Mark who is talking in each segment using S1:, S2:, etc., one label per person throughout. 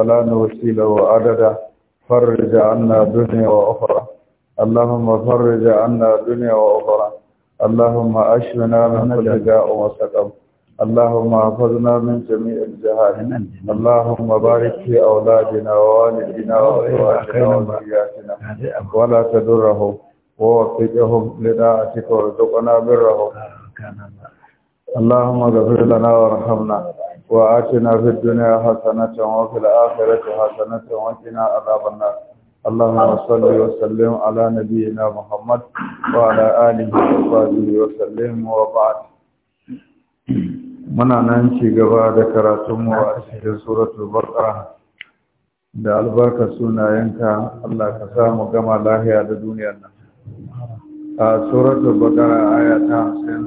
S1: فلا نوصي له عددا فرج عنا دنيا وأخرى اللهم فرج عنا دنيا وأخرى اللهم أشفنا من كل داء وسقم اللهم احفظنا من جميع الجهات اللهم بارك في أولادنا ووالدنا وإخواننا وذرياتنا ولا تدرهم ووفقهم لطاعتك وارزقنا برهم آه، اللهم اغفر لنا وارحمنا وآتنا في الدنيا حسنة وفي الآخرة حسنة وقنا عذاب النار اللهم صل وسلم على نبينا محمد وعلى آله وصحبه وسلم وبعد muna nan ci gaba da karatunmu a cikin da albarka sunayenka Allah ka sa mu gama lahiya da duniyar nan a suratul baqara ayata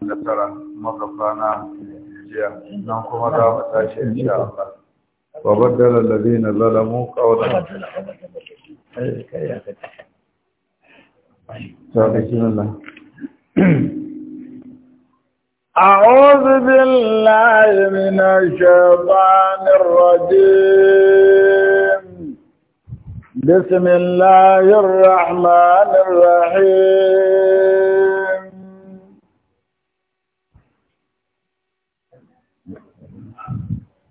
S1: 59 makafana ان شاء الله وبدل الذين ظلموا قولا أعوذ
S2: بالله من الشيطان الرجيم بسم الله الرحمن الرحيم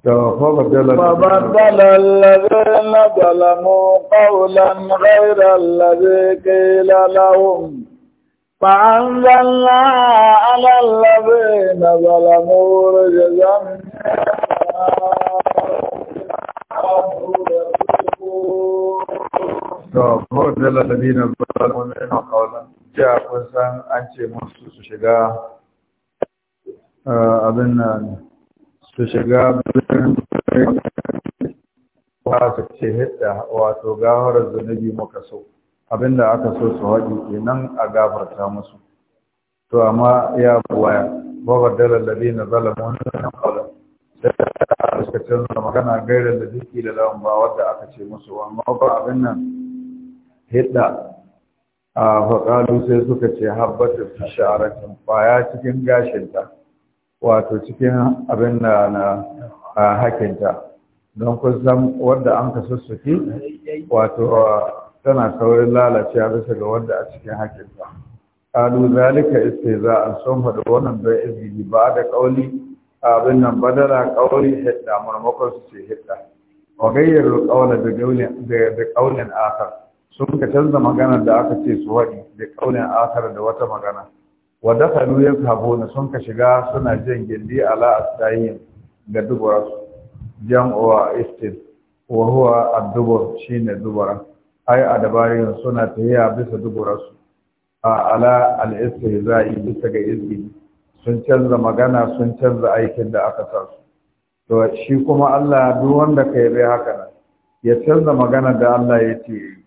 S1: فبدل
S2: الذين ظلموا قولا غير الذي قيل لهم فأنزلنا على الذين ظلموا رجزا
S1: فبدل الذين ظلموا منهم قولا جاء قصا أنت مصر شجاع أبنان su shiga ba ce hidda wato gafarar zunubi muka so abinda aka so su haɗi kenan a gafarta musu to amma ya buwaya babar dalar labi na zalamun nan kwalam sai da suka canza magana gairar da jiki da lawan ba wadda aka ce musu amma ba abin nan hidda a faƙalu sai suka ce habbatar sharatin baya cikin gashinta wato cikin abin da na hakinta don kusan wadda an ka sussuki wato tana saurin lalacewa bisa ga wadda a cikin hakinta kalu zalika za a son faɗi wannan bai izini ba da ƙauli abin nan badala ƙauli hidda marmakon su ce hidda wa gayyar kaula da kaulin akar sun ka canza magana da aka ce su waɗi da kaulin akar da wata magana wa dakhalu yadhhabuna sun ka shiga suna jin gindi ala astayin ga dubura jam'u istin wa huwa ad-dubur shine dubura ai a dabarin suna tahiya bisa dubura su ala al-istihza'i bisa ga izgi sun canza magana sun canza aikin da aka sa su to shi kuma Allah duk wanda kai bai haka nan ya canza magana da Allah ya ce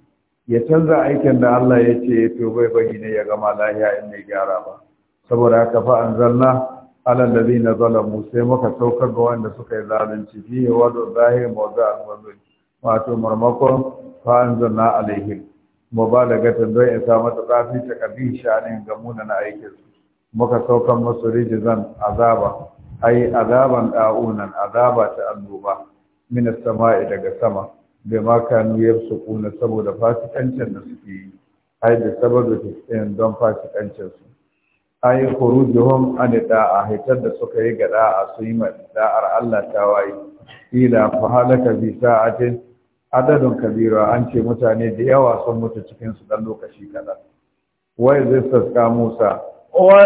S1: ya canza aikin da Allah ya ce to bai bari ne ya gama lahiya in bai gyara ba saboda haka fa an zanna alal ladina zalamu sai muka saukar ga wanda suka yi zalunci fi wadu zahir mawda al-mazlum wato marmakon fa anzalna alaihim mubalagatan don isa mata kafi ta kabi shanin ga muna na aikin su muka saukar musu rijizan azaba ai azaban da'unan azaba ta annoba min as-sama'i daga sama bai ma kanu kuna saboda fasikancin da suke yi ai da saboda don fasikancin su ay khurujuhum an da'a hitar da suka yi gada a su yi ma da'ar Allah tawaye ila fahalaka bi sa'atin adadun kabira an ce mutane da yawa sun mutu cikin su dan lokaci kaɗan. wai zai saska Musa
S2: Wa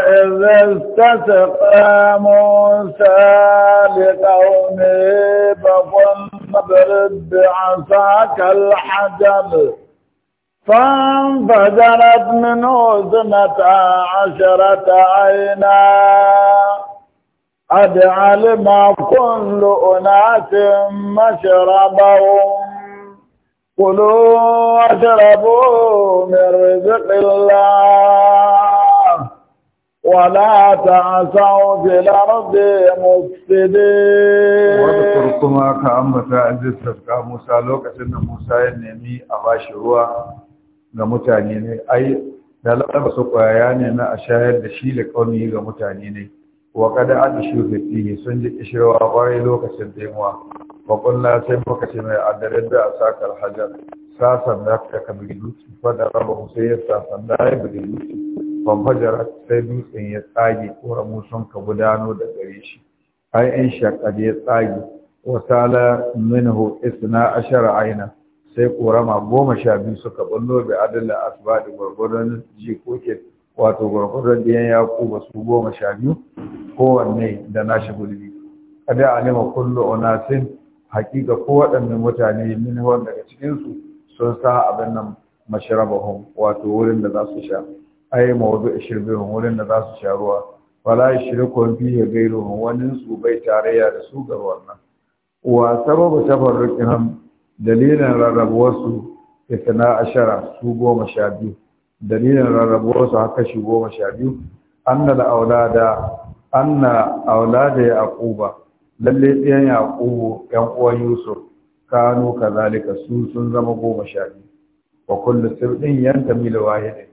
S2: musa bi qawmi موسى لقومه bi 'asaka al الحجر فانفجرت منه اثنتا عشرة عينا قد علم كل أناس مشربهم كلوا واشربوا من رزق الله ولا تعثوا في الأرض
S1: مفسدين واذكر كما كأنبت عز السبقى موسى لوكة أن موسى ينمي أباشروا ga mutane ne ai da ba su kwaya ne na a shayar da shi da kauni ga mutane ne wa kada an shi fitihi sun ji kishirwa kwarai lokacin taimuwa ba kulla sai muka ce mai adadin da a sakar hajar sasan da ta ka bugi dutse fada raba sai ya sasan da ya bugi dutse fanfajar sai dutsen ya tsage kora sun ka gudano da gare shi ai in shakar ya tsage wasala minhu isna ashara aina sai ƙorama goma sha biyu suka ballo bi adalla asbadi gwargwadon ji koke, wato gwargwadon biyan ya ba su goma sha biyu kowanne da nashi gulbi kada alima kullu unasin hakika ko waɗannan mutane min daga cikinsu sun sa abin nan mashrabahum wato wurin da za su sha ai mawdu shirbihum wurin da za su sha ruwa wala yushrikun fihi ghayruhum wani su bai tarayya da su ga wannan wa sababu tafarruqihim dalilin rarrabuwarsu itana ashara su goma sha biyu dalilin rarrabuwarsu haka shi goma sha biyu anna da aulada anna aulada ya aquba lalle ɗiyan yan uwan yusuf kanu kazalika su sun zama goma sha biyu wa kullu sirrin yanta da wahidin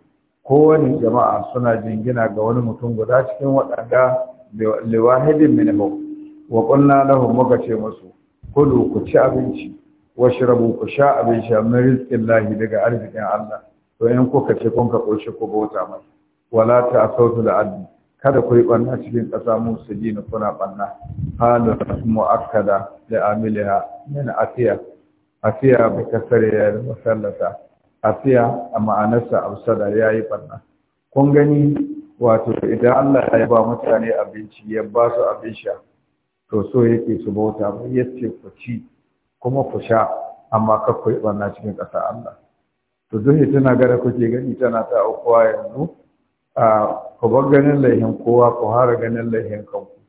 S1: kowane jama'a suna jingina ga wani mutum guda cikin waɗanda liwahidin minimum wa qulna lahum muka ce masu kulu ku ci abinci washrabu ku sha abin sha min rizqin lahi daga arzikin Allah to in kuka ce kun ka koshi ku bauta mai wala ta'sawtu da addu kada ku yi banna cikin ƙasa musulina kuna banna halin mu'akkada da amiliya min afiya afiya bi kasare ya yi masallata afiya a ma'anarsa absada ya yi banna kun gani wato idan Allah ya ba mutane abinci ya ba su abin sha to so yake su bauta ba yace ku ci kuma ku sha amma kar ku yi barna cikin ƙasa Allah to duk tana gada kuke gani tana ta aukuwa yanzu ku bar ganin laihin kowa ku hara ganin laihin kanku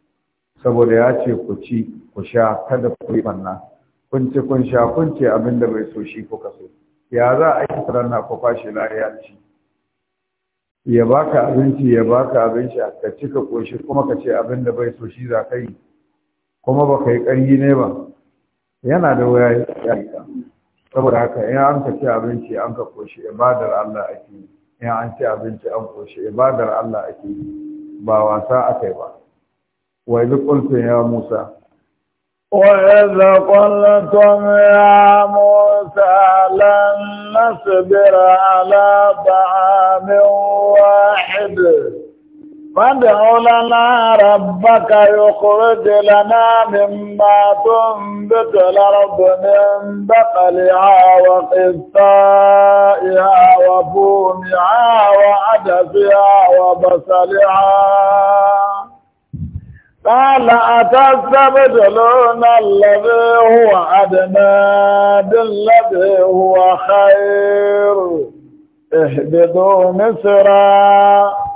S1: saboda ya ce ku ci ku sha kada ku yi banna. kun ci kun sha kun ce abin da bai so shi kuka so ya za a yi ranna ku kwashe lariya ci ya baka abinci ya baka abin sha ka ci ka koshi kuma ka ce abin da bai so shi za ka yi kuma ba ka yi ƙarfi ne ba yana da wuya ya yi saboda haka in an ka ci abinci an ka koshi ibadar Allah ake yi in an ci abinci an koshi ibadar Allah ake yi ba wasa aka yi ba wa yi qultum ya Musa
S2: وإذ قلتم يا موسى لن نصبر على طعام واحد فادع لنا ربك يخرج لنا مما تنبت الأرض من بقلها وقثائها وفومها وعدسها وبصلها قال أتستبدلون الذي هو أدنى بالذي هو خير اهبطوا مصرا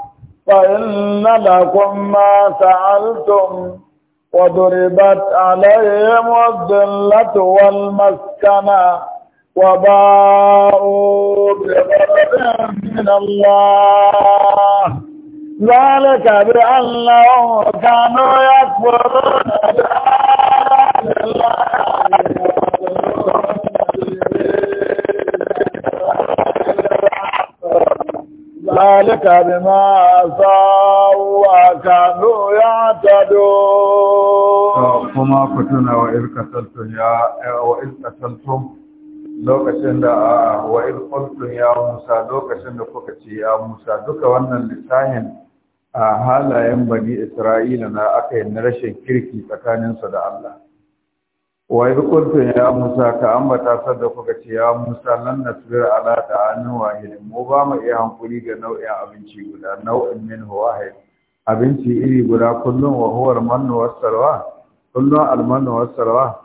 S2: فإن لكم ما سألتم وضربت عليهم الذلة والمسكنة وباءوا بغضب من الله ذلك بأنهم كانوا يكفرون بآيات الله ذلك بما عصوا وكانوا يعتدون
S1: kuma ku wa in qataltum ya wa in qataltum lokacin da wa in ya Musa lokacin da kuka ce ya Musa duka wannan lisanin a halayen bani Isra'ila na aka na rashin kirki tsakaninsu da Allah wa idh qultum ya musa ka ambata sadda kuka ce ya musa lan nasbir ala hannun wahid mu ba mu iya hankuri ga nau'in abinci guda nau'in min wahid abinci iri guda kullum wa huwa mannu was kullum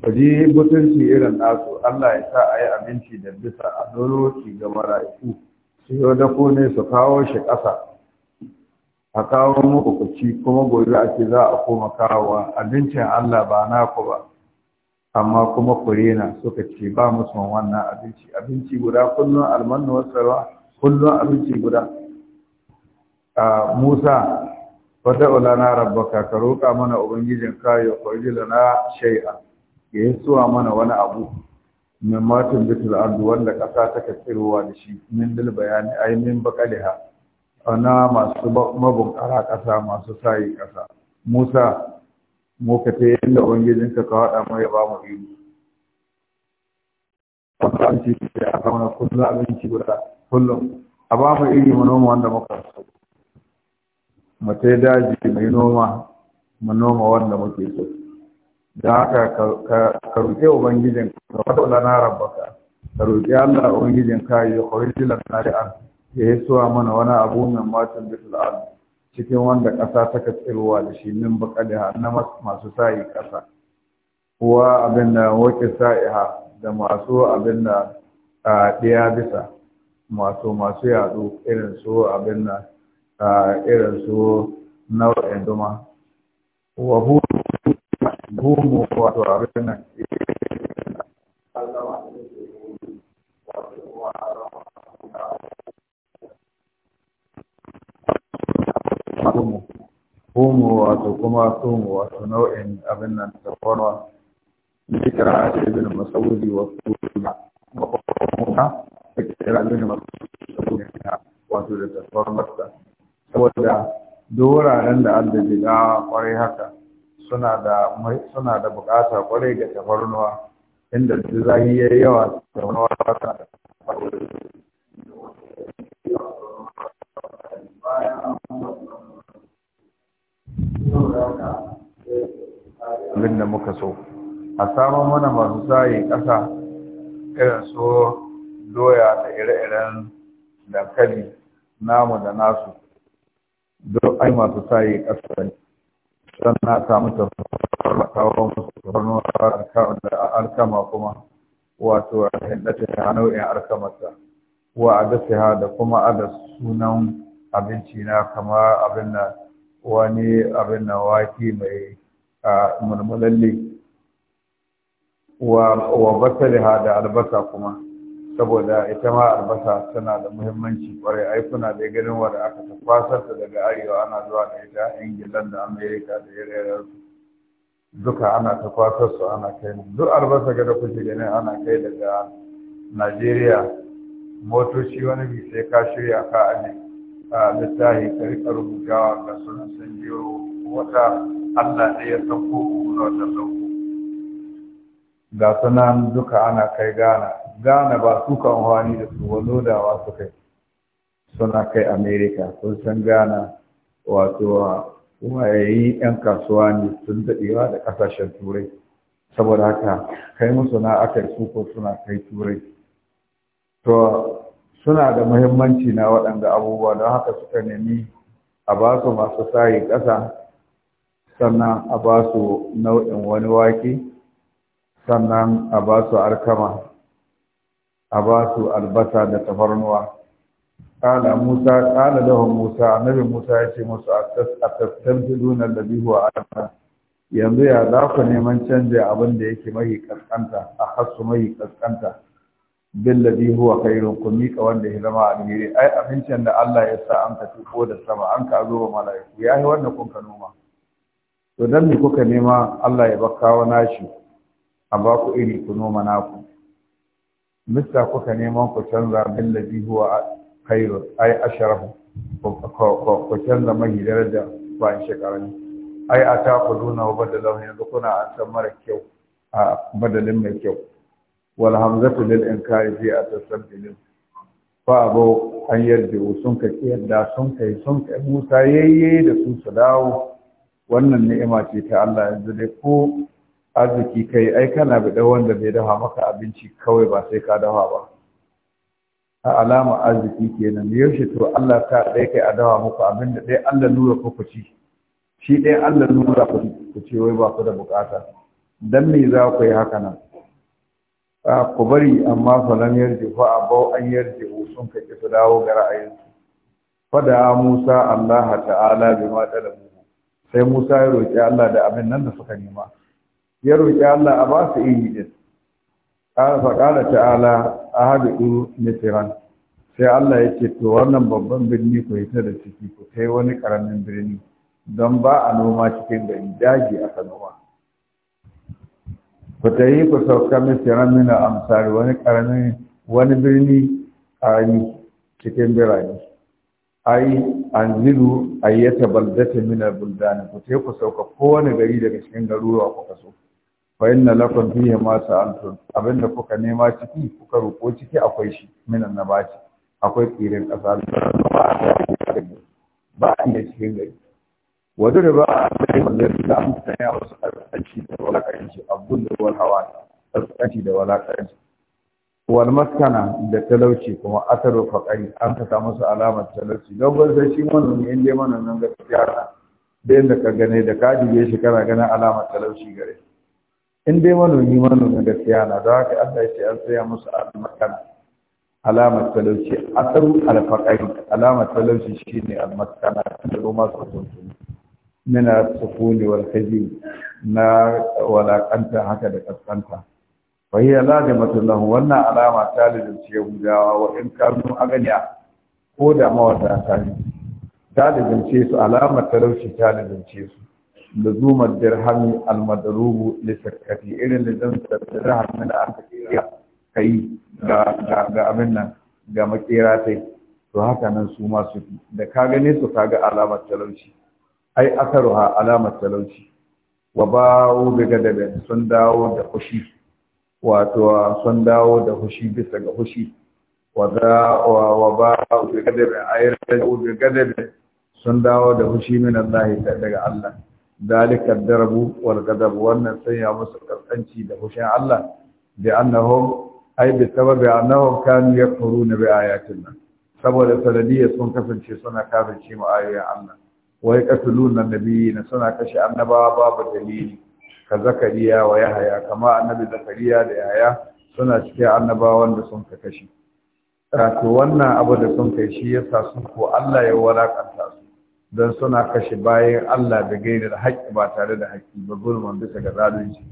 S1: kaji irin nasu Allah ya sa ayi abinci da bisa a doroki ga mara'iku su yau da ko ne su kawo shi ƙasa a kawo muku kuma gobe a za a koma kawowa abincin Allah ba naku ba amma kuma kurena suka ce ba mu wannan abinci abinci guda kullum almannu tsarwa kullum abinci guda a musa wata na rabbaka ka roƙa mana ubangijin kayo kwarjila na shai'a ya yi suwa mana wani abu min matin bitul ardu wanda ƙasa ta tsirowa da shi min dil bayani ai min bakaliha na masu mabunkara ƙasa masu sayi ƙasa musa mu ka ta yadda ubangijinka ka haɗa mai ba mu biyu an abinci da aka mana kullum abinci guda kullum a ba mu iri mu noma wanda muka so mu ta daji mai noma mu noma wanda muke so da haka ka roƙe ubangijin ka wata wala na rabbaka ka roƙi Allah ubangijin ka ya kwarji lana da an ya yi suwa mana wani abu mai matan bitul al'adu cikin wanda ƙasa ta katsirwa da shi min baƙadiha na masu sa'i ƙasa kuwa abin da wake sa'iha da masu abin da ɗaya bisa masu masu yaɗu irin su abin da irin su nau'in duma wa hukumu wato abin da kuma homo wato kuma kuma wato nau'in abin nan da kwarwa kira a cikin masaudi wa kuma kuma da kira ibn masaudi wato da tafarmarsa saboda doraren da an da jiga kwarai haka suna da suna da bukata kwarai ga tafarnuwa inda zahi ya yawa tafarnuwa ta da ba. muka so a samun mana masu sayi ƙasa irin su doya da ire-iren dankali namu da nasu don ai masu sayi ƙasa ne don na samu tafarkawa musu rano da alkama kuma wato a hindata ta nau'in alkamarsa wa a da kuma a da sunan abinci na kama abin da wani abin na waki mai mulmulalle wa basaliha da albasa kuma saboda ita ma albasa tana da muhimmanci kwarai ai kuna da ganin wanda aka tafasarta daga arewa ana zuwa da ita ingilan da amerika da su. duka ana su ana kai duk albasa ga da kuke ganin ana kai daga najeriya motoci wani bi sai ka shirya ka ajiye a littafi ka rika rubutawa ga sunan san wata allah ɗaya sauko kuma wata sauko ga sunan duka ana kai gana gana ba su kan wani da su dawa su kai suna kai america sun san gana wato wayayi 'yan kasuwa ne sun daɗewa da ƙasashen turai saboda haka kai musu na aka yi suna kai turai to suna da muhimmanci na waɗanda abubuwa don haka suka nemi a ba su masu sayi ƙasa sannan a ba su nau'in wani waƙi sannan a ba su alkama a ba su albasa da tafarnuwa ƙala musa ƙala lahun musa annabi musa ya ce musu a dunar da bihuwa a yanzu ya za ku neman canja abin da yake mahi ƙasƙanta a hasu mahi ƙasƙanta billadhi huwa khairun ku mika wanda ya zama alheri ai abincin da Allah ya sa an ka tuko da sama an ka zo mala'iku yi wanda kun ka noma to dan me kuka nema Allah ya baka wa nashi a ba ku iri ku noma naku mista kuka neman ku canza billadhi huwa khairun ai asharahu ku canza mahi daraja ba in ai a ta ku nuna wa badalahu yanzu kuna ansa san mara kyau a badalin mai kyau wal hamzatu lil inkari fi atasabbil fa abu an yarji sun ka kiyarda sun kai sun kai Musa yayye da su su wannan ni'ima ce ta Allah yanzu dai ko arziki kai ai kana bi da wanda bai dafa maka abinci kawai ba sai ka dawa ba a alama arziki kenan yaushe to Allah ta dai kai a dawa muku abinda da dai Allah nura ku ku ci shi dai Allah nura ku ku wai ba ku da bukata dan me za ku yi haka nan A ku bari amma falam yarji fa abau an yarji sun ka ki dawo ga ra'ayinsu fada Musa Allah ta'ala ma talabu sai Musa ya roki Allah da abin nan da suka nema ya roki Allah a ba su yi din qala fa qala ta'ala ne mitran sai Allah ya ce to wannan babban birni ku yi ta da ciki ku kai wani karamin birni don ba a noma cikin da daji aka noma ku ta yi ku sauka misiran mina amsari wani karamin wani birni ƙarami cikin birane ai an yi yata baldata mina buldani ku ta yi ku sauka kowane gari daga cikin garuruwa ku kaso fa inna lakum fihi ma sa'altum abinda kuka nema ciki kuka roƙo ciki akwai shi ba nabati akwai tsirin ƙasa ba a cikin gari wadda ba a tsaye wallafi da an tsaya wasu ƙasƙanci da walaƙanci abun da wal hawa ƙasƙanci da walaƙanci wal maskana da talauci kuma asarar faƙari an ta samu su alamar talauci don ban sai shi manomi in dai nan ga na da yadda ka gane da ka jiye shi kana ganin alamar talauci gare in dai manomi manomin gaskiya na da haka Allah ya ce an tsaya musu alamar kana alamar talauci asaru alfaƙari alamar talauci shine almaskana da noma su tuntuni mina sukuni wal na walakanta haka da kaskanta fa hiya ladimatun lahu wannan alama ta lidinci yahudawa wa in kanu aganiya ko da mawadata ne ta lidince su alamar talauci ta lidince su لزوم الدرهم المضروب لسكتي irin da الدرهم من أكثر kai ga abin nan ga makera tai to haka nan su ma su da ka gane su kaga alamar talauci ai asaruha alamar talauci wa bawo bi gadabin sun dawo da hushi. wato sun dawo da hushi bisa ga hushi wa bawo bi gadabin ai rajo bi gadabin sun dawo da hushi min Allah daga Allah dalika darabu wal gadab wannan sai ya musu kaskanci da hushin Allah bi annahum ai bi sababi annahum kanu yakfuruna bi nan. saboda sanadiyya sun kasance suna kafirce mu ayoyin Allah wai katulun annabi na suna kashe annabawa babu dalili ka zakariya wa yahaya kama annabi zakariya da yahaya suna cikin annabawa da sun ka kashe ah, to wannan abu da sun kai shi yasa sun ko Allah ya walakanta su don suna kashe bayan Allah da gaira da haƙƙi ba tare da haƙƙi ba gulman bisa ga zalunci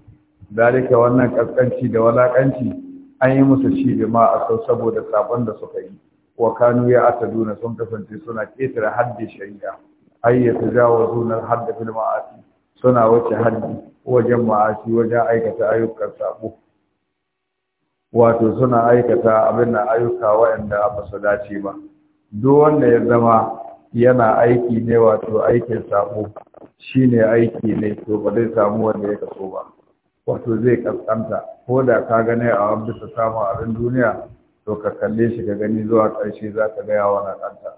S1: dalika wannan kaskanci da walakanci an yi musu shi da ma a sau saboda sabon da suka yi wa kanu ya na sun kasance suna ƙetare haddi shari'a ay yatajawazuna al-hadd fil ma'asi suna wuce haddi wajen ma'asi wajen aikata ayyukan sabo wato suna aikata abin da ayyuka waɗanda ba su dace ba duk wanda ya zama yana aiki ne wato aikin sabo shine aiki ne to ba zai samu wanda ya kaso ba wato zai kaskanta ko da ka gane a bisa samun abin duniya to ka kalle shi ka gani zuwa ƙarshe za ka gaya wa na kanta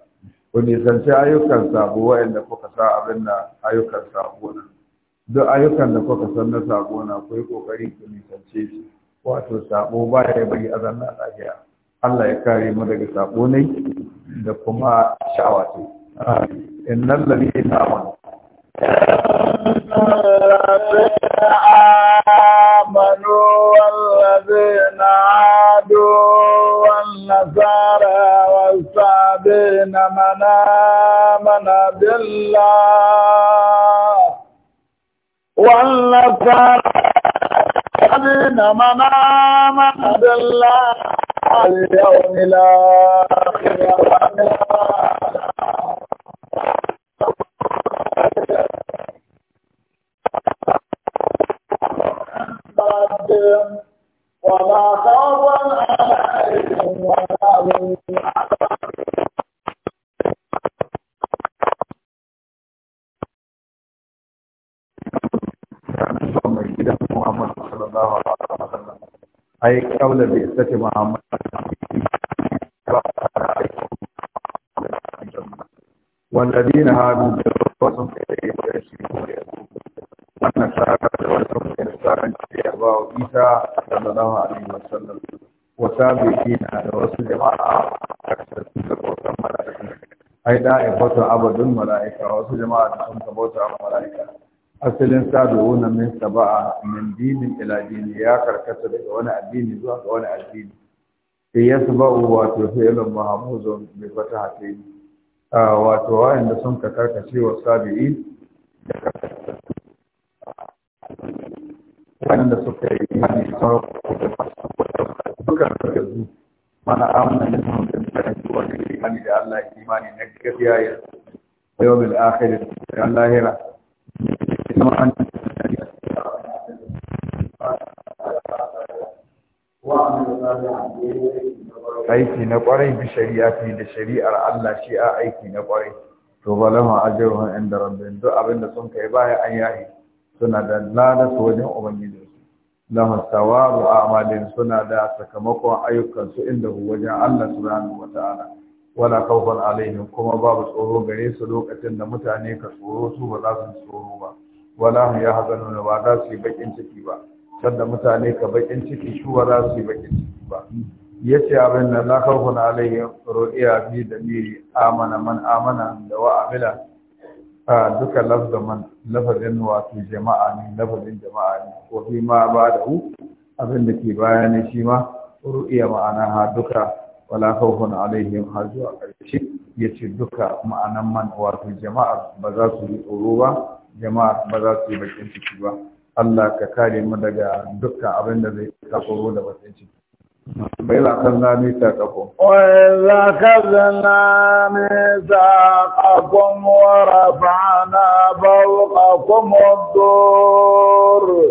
S1: ku nisanci ayyukan sabo waɗanda kuka sa abin da ayyukan sabo na duk ayyukan da kuka san na sabo na ku yi kokari ku nisance shi wato sabo ba ya bari azan na lafiya Allah ya kare mu daga sabo ne da kuma sha'awa ce innal ladina
S2: amanu والذين من آمن بالله والذين من آمن بالله اليوم الآخر وما خوف
S3: عليهم ولا هم
S1: اي قول bi محمد والذين هادوا جرسوا إليه ويشركون إلى جرسوا في يأباه عيسى صلى الله عليه وسلم وسابقين على رسل جماعة أكثر تلك وسمى أي دائما أبد الملائكة وسجماعة سمت asalin sadu na min saba'a min dinin ila dini ya karkata daga wani addini zuwa ga wani addini sai ya saba'u wato fi'ilun mahamuzun bi fataha tayi wato wa'anda sun ka karkace wa sabi'i wanda suka yi imani sun suka karkazu mana amana da sun karkace wa imani da Allah imani na gaskiya ya yawmil akhir da lahira aiki na kwarai bi shari'a fi da shari'ar Allah shi a aiki na kwarai to balama ajruhum inda rabbihim duk abin da sun kai baya an yayi suna da lada su wajen ubangiji lahum a a'malin suna da sakamakon ayyukansu su inda wajen Allah subhanahu wata'ala wala khawfan alaihim kuma babu tsoro gare su lokacin da mutane ka tsoro su ba za su tsoro ba wala hum yahzanuna ba za su yi bakin ciki ba sanda mutane ka bakin ciki shi wa za su yi bakin ciki ba yace abin nan la khawfun alaihim ru'iya fi damiri amana man amana da wa amila duka lafzan man lafazin wato jama'a ne lafazin jama'a ne ko bi ma ba da hu abin da ke bayani shi ma ru'iya ma'ana ha duka wala khawfun alaihim har zuwa karshe yace duka ma'anan man wato jama'a ba za su yi tsoro ba jama'a ba za su yi bakin ciki ba Allah ka kare mu daga dukka abin da zai kafaro da bakin ciki وإذ za ميثاقكم
S2: وإذ أخذنا na ورفعنا فوقكم الدور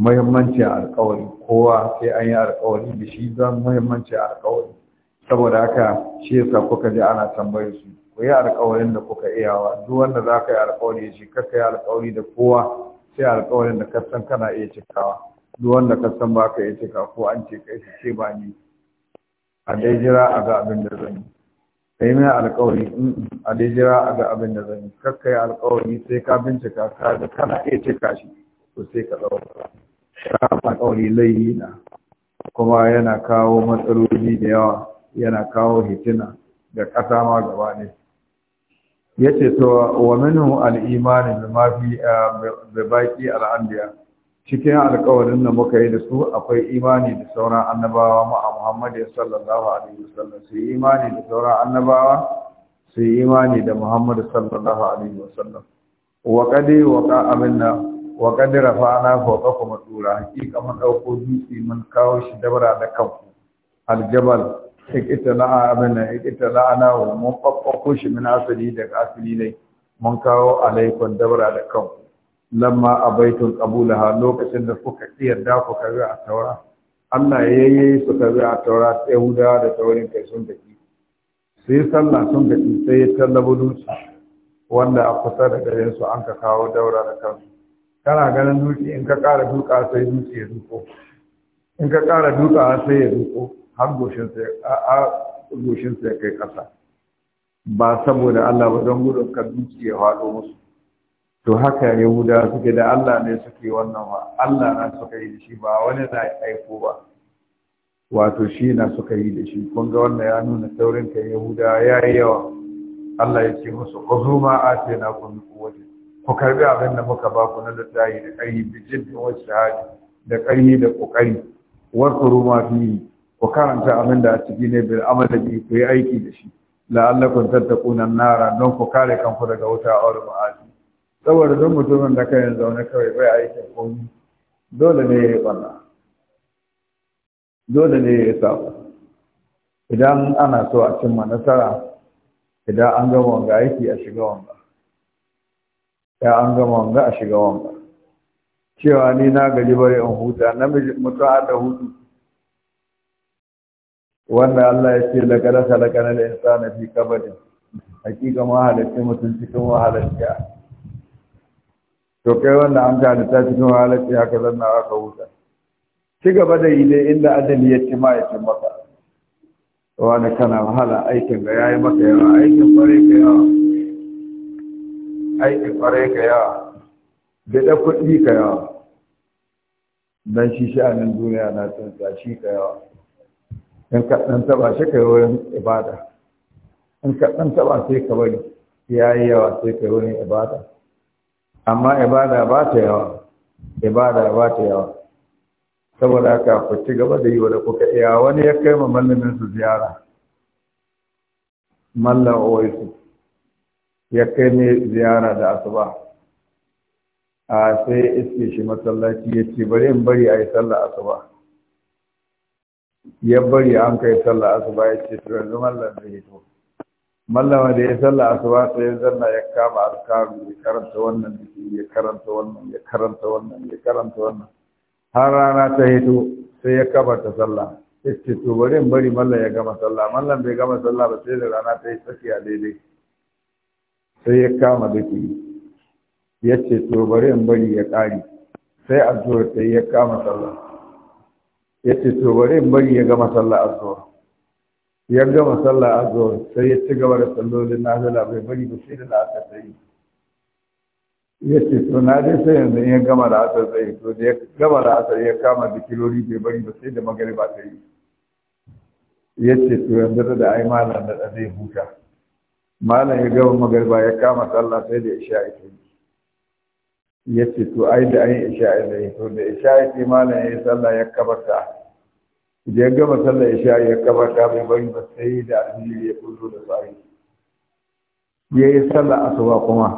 S1: muhimmanci a alkawari kowa sai an yi alkawari da shi za muhimmanci a alkawari saboda haka shi yasa kuka ji ana tambayar su ku yi alkawarin da kuka wa duk wanda za ka yi alkawari shi ka yi alkawari da kowa sai alkawarin da kasan kana iya cikawa duk wanda kasan ba ka iya cika ko an ce kai shi ce ba ni a dai jira a ga abin da zan yi kai mai alkawari a dai jira a ga abin da zan yi ka yi alkawari sai ka bincika ka da kana iya cika shi to sai ka ɗauka shafa ƙauri laifi na kuma yana kawo matsaloli da yawa yana kawo hitina da ƙasa ma gaba ne ya ce to wa minhu al'imani da mafi da eh, baƙi al'ambiya cikin alƙawarin da muka yi da su akwai imani da sauran annabawa ma a muhammad ya sallallahu alaihi wasallam su yi imani da sauran annabawa su yi imani da muhammad sallallahu alaihi wasallam wa kade wa ka wa kadira fa ana fauka kuma tura hakika mun dauko dutse mun kawo shi dabara da kanku aljabal ikita na abin nan ikita na ana mun faffako shi min asali daga asali ne mun kawo alaikon dabara da kanku lamma abaitun ha lokacin da kuka yarda kuka ga a taura Allah ya yi su bi a taura Yahudawa da taurin kai sun daki su sallah sun daki sai ya tallabo dutse wanda a kusa da garinsu an ka kawo daura da kansu tana ganin duki in ka ƙara duka sai duki ya duko in ka ƙara duka sai ya duko har goshin sai kai ƙasa ba saboda Allah ba don gudun ka dutse ya faɗo musu to haka yahuda suke da Allah ne suke wannan ba Allah na suka yi da shi ba wani na aiko ba wato shi na suka yi da shi kun ga wannan ya nuna saurin kan yahuda ya yi yawa Allah ya ce musu ku zo a ce na kun kuwaje ku karbi abin da muka ba ku na littafi da ƙarfi da jirgin wasu da ƙarfi da ƙoƙari wasu ruma fiye ku karanta abin da a ciki ne bil amala bi ku yi aiki da shi La'allakun tattaquna nara don ku kare kanku daga wuta a wani ma'aji. saboda don mutumin da kayan zaune kawai bai aikin komai dole ne ya yi ɓanna dole ne ya yi sabu idan ana so a cimma nasara idan an gama wanga aiki a shiga wanga ya an gama wanga a shiga wanga cewa ni na gaji bari in huta namiji a da hutu Wanda Allah ya ce laqad da insa na fi kabadin hakika ma halatta mutum cikin wahalarci to kai wanda an ta cikin wahalarci haka zanna aka huta ci gaba da yi dai inda adali ya ci ma ya ci maka wani kana wahala aikin ga yayi maka yawa aikin kwarai ka yawa aikin kwarai ka yawa da kuɗi ka yawa don shi sha'anin duniya na cin shi ka yawa in ka ɗan taɓa shi ka yi wurin ibada in ka ɗan taɓa sai ka bari ya yi yawa sai ka yi wurin ibada amma ibada ba ta yawa ibada ba ta yawa saboda haka ku ci gaba da yi wa da kuka iya wani ya kai ma mallamin su ziyara Mallam owaisu ya kai ne ziyara da asuba a sai iske shi masallaci ya ce bari in bari a yi sallah asuba ya bari an kai sallah asuba ya ce to yanzu mallam zai hito mallama da ya sallah asuba sai ya zanna ya kama alkaru ya karanta wannan jiki ya karanta wannan ya karanta wannan ya karanta wannan har rana ta hito sai ya kaba ta sallah ya ce to bari in bari mallam ya gama sallah mallam bai gama sallah ba sai da rana ta yi tsakiya daidai sai ya kama da biki ya ce to bari in bari ya ƙari sai azuwar ta ya kama sallah ya ce to bari in bari ya gama sallah azuwar ya gama sallah azuwar sai ya ci gaba da sallolin nazala bai bari ba sai da la'asar ta yi ya ce to na dai sai yanzu ya gama da asar tsaye to da ya gama da asar ya kama da kilori bai bari ba sai da magariba ta yi ya ce to yanzu da ai malam da zai huta malam ya gama magarba ya kama sallah sai da isha ita ya ce to ai da an yi isha ita to da isha ita malam ya yi sallah ya kabarta da ya gama sallah isha ya kabarta bai bari ba sai da alhiri ya kullo da tsari ya yi sallah asuba kuma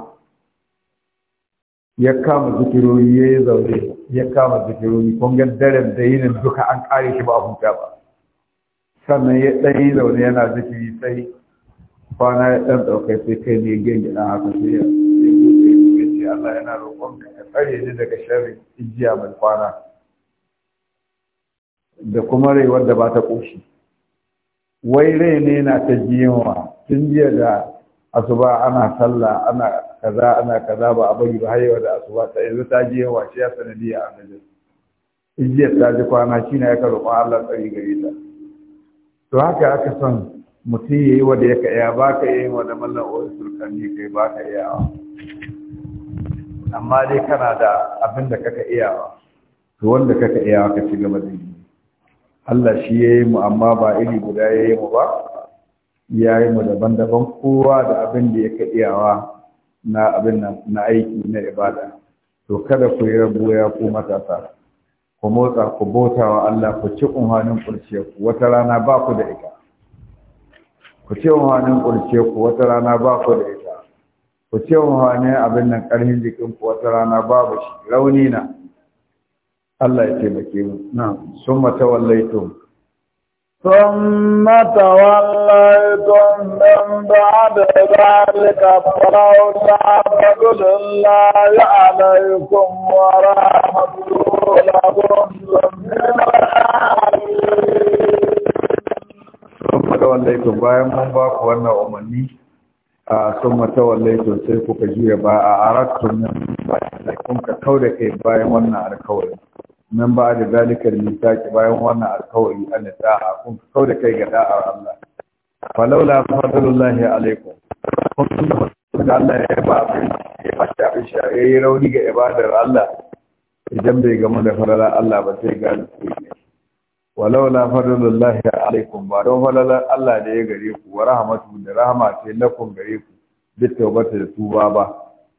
S1: ya kama zikirori ya yi zaune ya kama zikirori kun ga daren da nan duka an kare shi ba a huta ba sannan ya ɗan yi zaune yana zikiri sai kwana ya ɗan ɗaukai sai kai ne gengi gina haka sai ya buɗe ya ce Allah yana roƙon ka ya tsare ni daga sharrin ijiya mai kwana da kuma rai wadda ba ta ƙoshi wai rai ne na ta jiyanwa tun jiya da asuba ana sallah ana kaza ana kaza ba a bari ba har yau da asuba ta yanzu ta jiyanwa shi ya sanadiyya a najis ijiyar ta ji kwana shi na ya ka roƙon Allah tsari gare ta to haka aka son mutum ya yi wadda ya ka ba ka iya wanda mallan oyi sulkani kai ba ka iya amma dai kana da abin da kaka iya to wanda kaka iya ka ci gaba da yi Allah shi ya yi mu amma ba iri guda ya yi mu ba ya yi mu daban-daban kowa da abin da ya ka iyawa na abin na aiki na ibada to kada ku yi rabu ya ku matasa ku motsa ku bota wa Allah ku ci kunhanin kurciya wata rana ba ku da ita ku ce wa hannun ƙulce ku wata rana ba ku da ita ku ce wa hannun abin nan ƙarfin jikin ku wata rana ba ba shi rauni na Allah ya taimake mu na sun mata wallai tun
S2: sun mata wallai tun don ba da zalika farauta ta gudun laye alaikum wa rahmatullahi
S3: na rahmatullahi wa rahmatullahi
S1: mata to bayan mun ba ku wannan umarni a sun mata to sai kuka juya ba a arattun nan da kun ka kau da kai bayan wannan alkawari nan ba da zalikar misaki bayan wannan alkawari an da'a kun ka kau da kai ga da'ar Allah falaula fadalullahi alaikum kun da Allah ya ba abin ya yi rauni ga ibadar Allah idan bai gama da farara Allah ba sai ga alkhairi walaula a alaikum ba don falalar Allah da ya gare ku wa rahmatu da rahama ce lakum gare ku bit tawbata da tuba ba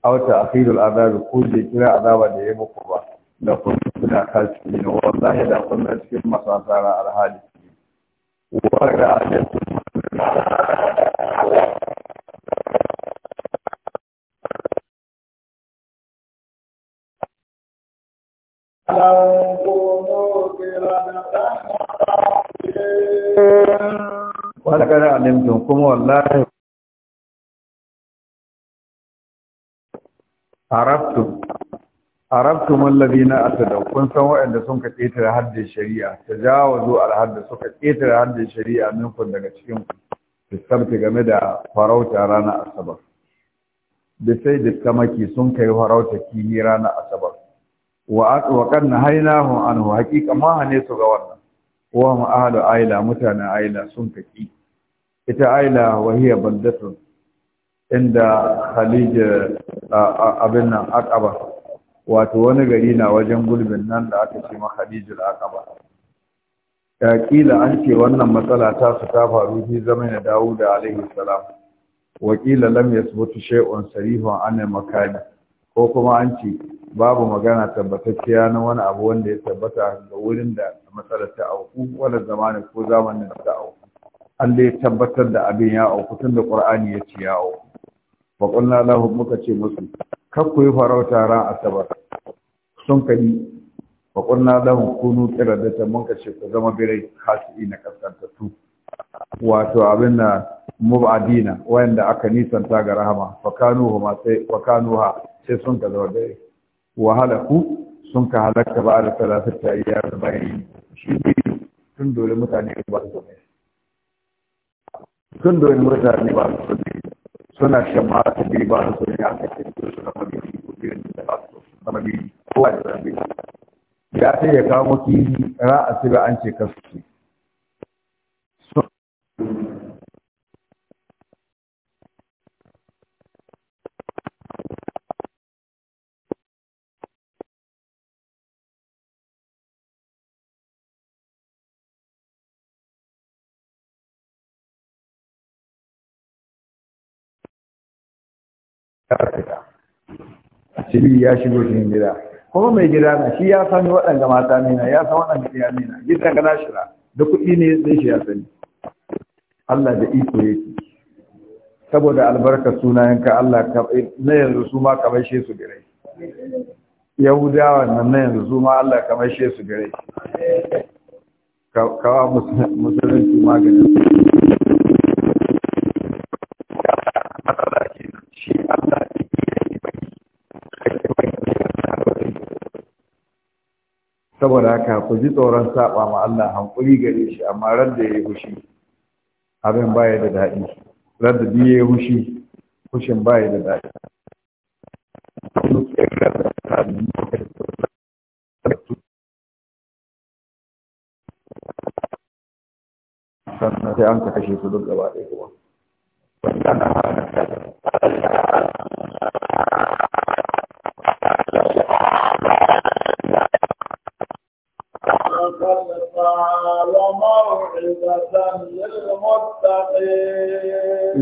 S1: wata ta'khirul azabi ko je kira azaba da ya muku ba da kun kuna kaci ne wallahi da kun cikin masasara alhali wa ra'ayatu
S3: Wàdàkárá àdìmtùn kúmọ̀ láàrẹ̀.
S1: Àràftùn, àràftùn mọ́lábí na àtàdà, kun san wa’yanda sun ka ƙetare haddin shari’a, ta já wa zuwa alhadda suka ƙetare haddin shari’a ninkun daga cikin fiskarti game da farauta rana Asabar. Bisai da kamaki sun kai farauta kihi rana Asabar. wa qad nahaynahum anhu haqiqa ma hane su ga wannan wa ma aila mutanen aila sun kaki ita aila wa hiya baldatun inda khalij abin nan aqaba wato wani gari na wajen gulbin nan da aka ce ma khalijul aqaba kila an ce wannan matsala ta su ta faru fi zamanin Dawud alaihi salam wakila lam yasbutu shay'un sarihun an makani ko kuma an ce babu magana tabbatacciya na wani abu wanda ya tabbata ga wurin da matsalar ta auku wani zamani ko zamanin da ta auku an dai tabbatar da abin ya auku tun da qur'ani ya ce ya auku fa qulna muka ce musu kar ku yi farauta ran asabar sun kadi fa qulna lahum kunu qiradatan muka ce ku zama birai khasi na kaskantattu wato abin da mu'adina wanda aka nisanta ga rahama huma sai fakanuha sai sun ka zama dare wahala ku sun ka halakta ba a da talatin ta iya da bayan shi biyu tun dole mutane ba su zama tun dole mutane ba su zama suna shan ma su biyu ba su zama a cikin su na mabili ko biyu da ba su biyu ko a da biyu ya ta ya kawo kiri ra'a ba an ce kasu sun ta fita asiri ya shigo cikin gida kuma mai gida na shi ya sami waɗanda mata nina ya sami waɗanda iya nina gidan gana shira da kuɗi ne zai shi ya sani Allah da iko yake saboda albarka sunayenka Allah na yanzu su ma kamar shi su gare yahudawa nan na yanzu su ma Allah kamar shi su gare kawa musulunci maganin saboda haka ku ji tsoron saba ma Allah hankuri gare shi amma ran da ya yi hushi abin baya da daɗi ran da biye hushi hushin baya da daɗi sannan sai an ka kashe su duk gaba ɗaya kuma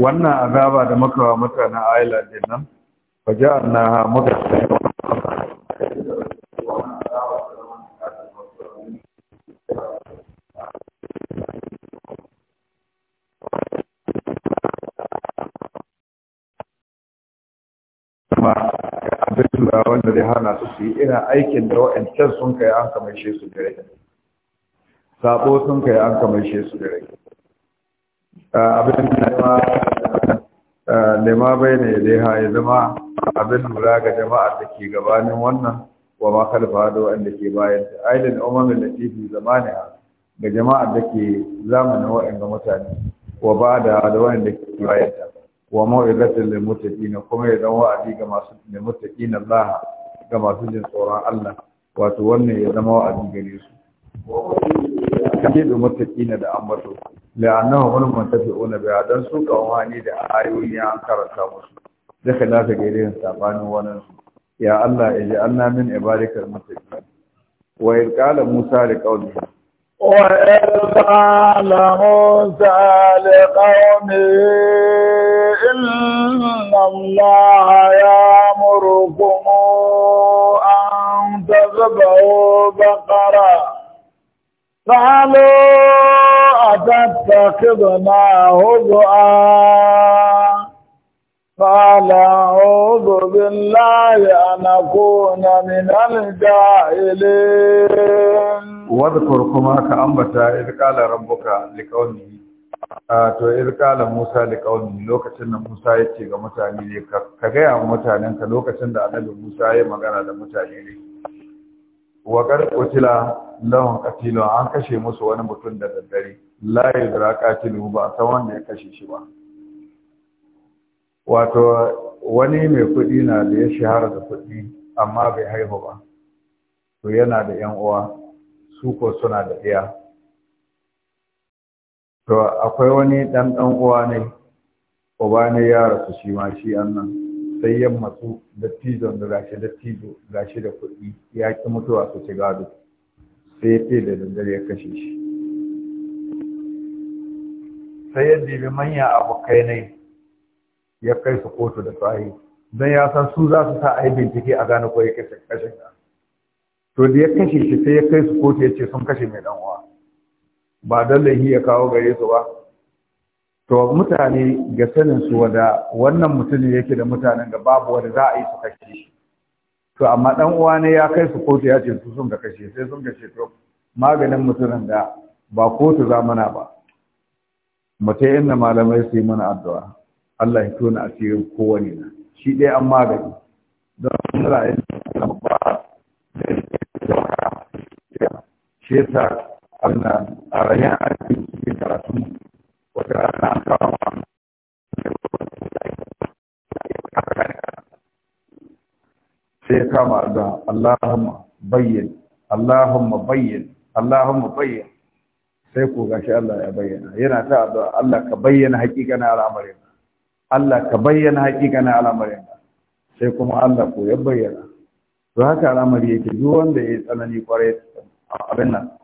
S1: wannan azaba da muka wa mutanen Island din nan ji ja'alna muka da wanda zai hana su su yi Ina aikin da wa'ancan sun kai an kamar shi su gare sabo sun kai an shi su da ah, abin ah, da ma bai ne dai ha ya zama abin lura ga jama'ar da ke gabanin wannan wa ma kalfa da wanda ke bayan ta ailin umamin zamani zamaniya ga jama'ar da ke zamanin waɗanda mutane wa ba da da wanda ke bayan ta wa mau'izatin lil muttaqin kuma ya zama wa'azi ga masu lil na Allah ga masu jin tsoron Allah wato wannan ya zama wa'azi gare su kake da na da ambato manta ona ona bi don su kawani da ayoyi an karanta musu da khilafa gairin sabanin wannan ya Allah ij'alna min ibadikal muttaqin wa in qala musa li qaumihi
S2: wa in qala musa li qaumihi inna ya ya'murukum an tadhbahu baqara قالوا bin هزؤا قال أعوذ بالله أن أكون من الجاهلين
S1: واذكر كما كأنبت إذ قال ربك لقومه to irkala Musa da kauni lokacin da Musa ya ce ga mutane ne ka gaya wa mutanen ka lokacin da annabi Musa ya magana da mutane ne Waƙar ƙutila lahun qatilun an kashe musu wani mutum da daddare da yadra qatilu ba ta wanda ya kashe shi ba wato wani mai kuɗi na da ya shahara da kuɗi amma bai haihu ba to yana da yan uwa su ko suna da iya to akwai wani ɗan ɗan uwa ne uba ne ya rasu shi ma shi annan sai yan matsu dattijon da gashi dattijo gashi da kuɗi ya ki mutuwa su ci gado sai ya ce da daddare ya kashe shi sai ya dibi manya abokai ne ya kai su kotu da sahi don ya san su za su sa a yi bincike a gane ko ya kashe ka to da ya kashe shi sai ya kai su kotu ya ce sun kashe mai dan uwa ba don laifi ya kawo gare su ba to mutane ga sanin su wada wannan mutum yake da mutanen da babu wanda za a yi su kashe shi to amma dan uwa ne ya kai su kotu ya ce su sun ga kashe sai sun kashe to maganin mutumin da ba kotu zamana ba mutai inna malamai su yi mana addu'a Allah ya tona asirin kowane na shi dai an magani don ra'ayin ba shi ta ana a rayan cikin karatun sai kama da Allahumma bayyin Allahumma bayyin Allahumma bayyin sai ko gashi Allah ya bayyana yana ta addu'a Allah ka bayyana hakikanin al'amarin Allah ka bayyana hakikanin al'amarin sai kuma Allah ko ya bayyana to haka al'amari yake duk wanda ya tsanani
S3: kwarai abin nan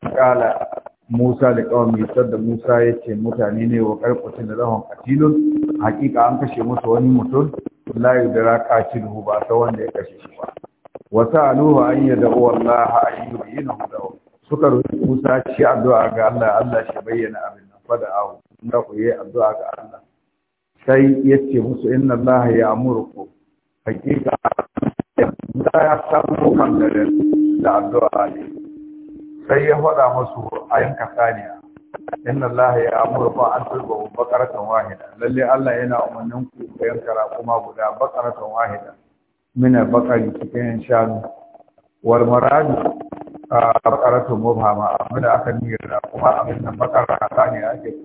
S1: kala Musa da kawai sadda Musa ya ce mutane ne wa karkwacin da zahon katilun hakika an kashe musu wani mutum layu da raka cilhu ba ta wanda ya kashe shi ba wata aluhu an yi da uwan laha a yi yi na hudawa suka rufe Musa shi addu'a ga Allah Allah shi bayyana abin nan fada awu na ku yi addu'a ga Allah sai ya ce musu inna Allah ya amurku hakika ya samu kan da addu'a ne sai ya faɗa masu a yanka saniya inna Allah ya amuru fa an tulba bakaratan wahida lalle Allah yana umarnin ku ku yanka kuma guda bakaratan wahida min bakari cikin shanu wal marad bakaratu mubhama abin da aka nira kuma abin da bakara saniya ake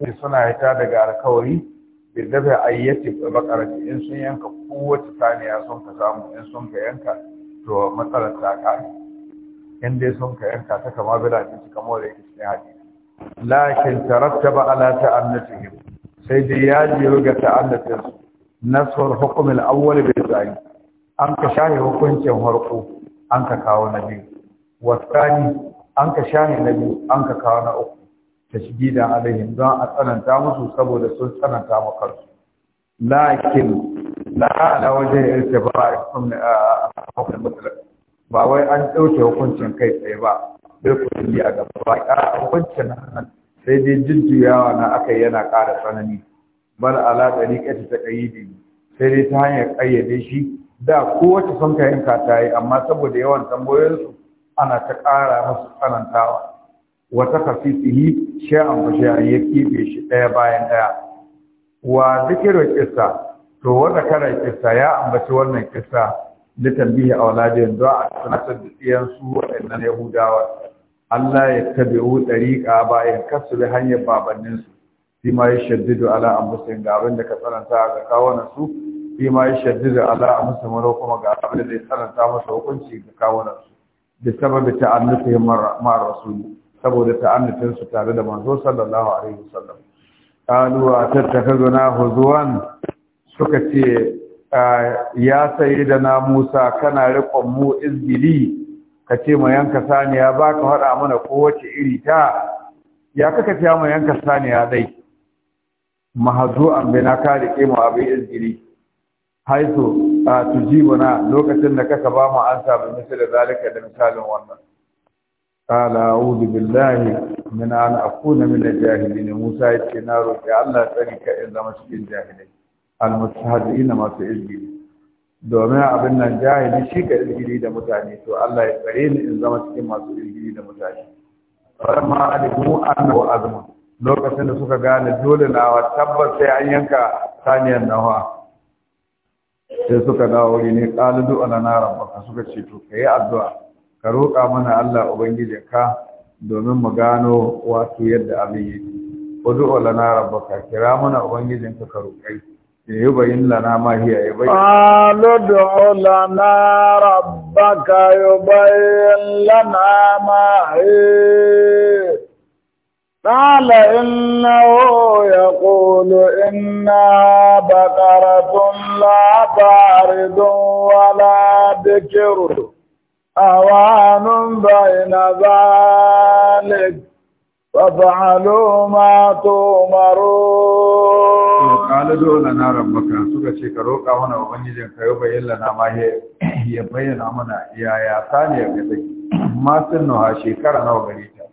S1: suna haita daga alkawari da dafa ayyati bakarati in sun yanka kowace saniya sun ka samu in sun ka yanka to matsalar ta kare in dai sun ka yanka ta kama da su kama da yake cikin hadisi lakin tarattaba ala ta'annatihim sai dai ya jiyo ga ta'annatin su nasar hukumin awwal bil zai an ka shahi hukuncin harko an ka kawo na biyu wasani an ka shahi na biyu an ka kawo na uku tashdidan alaihim don a tsananta musu saboda sun tsananta ma lakin la ala wajen irtiba'i ba a hukumar mutlaq ba wai an dauke hukuncin kai tsaye ba bai kulli a gaba a hukuncin nan sai dai jujjuyawa na akai yana ƙara tsanani bal ala ta yi sai dai ta hanyar kayyade shi da kowace sun kayan ka ta amma saboda yawan tambayoyinsu ana ta ƙara musu tsanantawa wa takhaffifihi shay'an fa shay'an ya kibe shi ɗaya bayan ɗaya. wa zikirin kissa to wanda kana kissa ya ambaci wannan kissa da tambihi auladin za a sanatar da tsiyan su waɗannan yahudawa Allah ya tabi'u dariqa bayan kasu da hanyar babannin su fi ma yashaddidu ala anfusihim ga abin da ka tsananta ga kawunan su fi ma yashaddidu ala anfusihim kuma ga abin da zai tsananta masa hukunci ga kawunan su da sababin ta'annufihim mara rasul saboda ta'annatin su tare da manzo sallallahu alaihi wasallam qalu atattakhazuna huzuwan suka ce ya sayyidana Musa kana riƙon mu izbili kace mu yanka saniya ba ka hada mana kowace iri ta ya kaka ta mu yanka saniya dai bai bina ka rike mu abin izbili haiso a tujibuna lokacin da kaka ba mu ansa bi misali zalika da misalin wannan قال أعوذ بالله من أن أكون من الجاهلين موسى يتكي نارو يا الله تريك إذا مشكين جاهلين المستهزئين ما في إجلي domin abin nan jahili shi ka ilgiri da mutane to Allah ya tsare ni in zama cikin masu ilgiri da mutane faramma alimu annahu azmun lokacin da suka gane dole nawa tabbas sai an yanka saniyar nawa sai suka dawo ne qalu ana na rabbaka suka ce to kai addu'a ka roƙa mana Allah Ubangijinka domin mu gano wato yadda abin yi. Wadu olana rabaka, kira mana Ubangijinka ka roƙai, ya yi bayin lana ma hiya ya bayi.
S2: Alubu olana rabaka ya bayin lana ma قال إنه يقول إنا بقرة لا بارد ولا بكر أوان بين ذلك فافعلوا ما
S1: تؤمرون قال دعوا لنا ربك suka ce ka roƙa mana ubangijin ka yau bayyana na ma ya bayyana mana yaya saniya ga take ma sun shekara nawa gare ta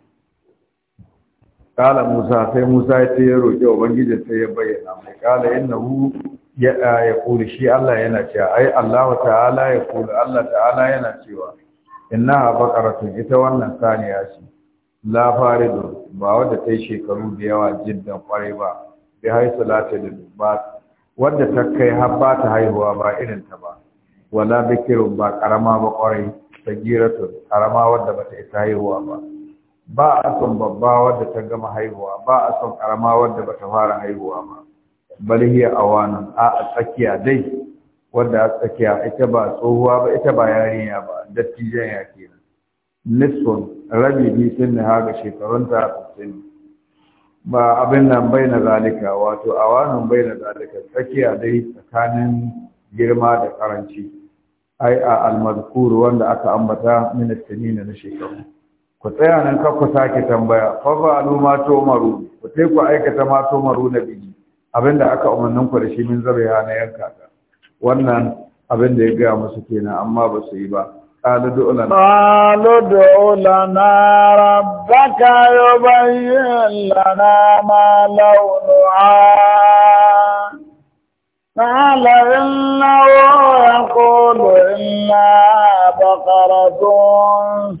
S1: kala musa sai musa ya ce ya roƙi ubangijin sai ya bayyana mai kala innahu ya ya kuli shi Allah yana cewa ai Allah ta'ala ya kuli Allah ta'ala yana cewa inna baqaratun ita wannan saniya ce la faridu ba wadda ta yi shekaru da yawa jiddan kwarai ba bi haisu da ba wadda ta kai har ba ta haihuwa ba irin ta ba wala bikirun ba karama ba kwarai ta giratu karama wadda ba ta isa haihuwa ba ba a son babba wadda ta gama haihuwa ba a son karama wadda ba ta fara haihuwa ba bal hiya awanan a tsakiya dai Wanda a tsakiya ita ba tsohuwa ba ita ba yarinya ba dattijan ya ke nisfun rabi bi sun na haga shekarun ta sassin ba abin nan bai na zalika wato awanin bai na zalika tsakiya dai tsakanin girma da karanci ai a almadkur wanda aka ambata ministani na shekaru ku tsaya nan kar ku sake tambaya fa ba aluma to maru ku sai ku aikata ma to maru na biji abinda aka umarnin ku da shi min zabe na yanka ta wannan abin da ya gaya musu kenan amma ba su yi ba قالوا ادع لنا قالوا ادع
S2: لنا ربك يبين لنا ما لونها قال إنه يقول إنها بقرة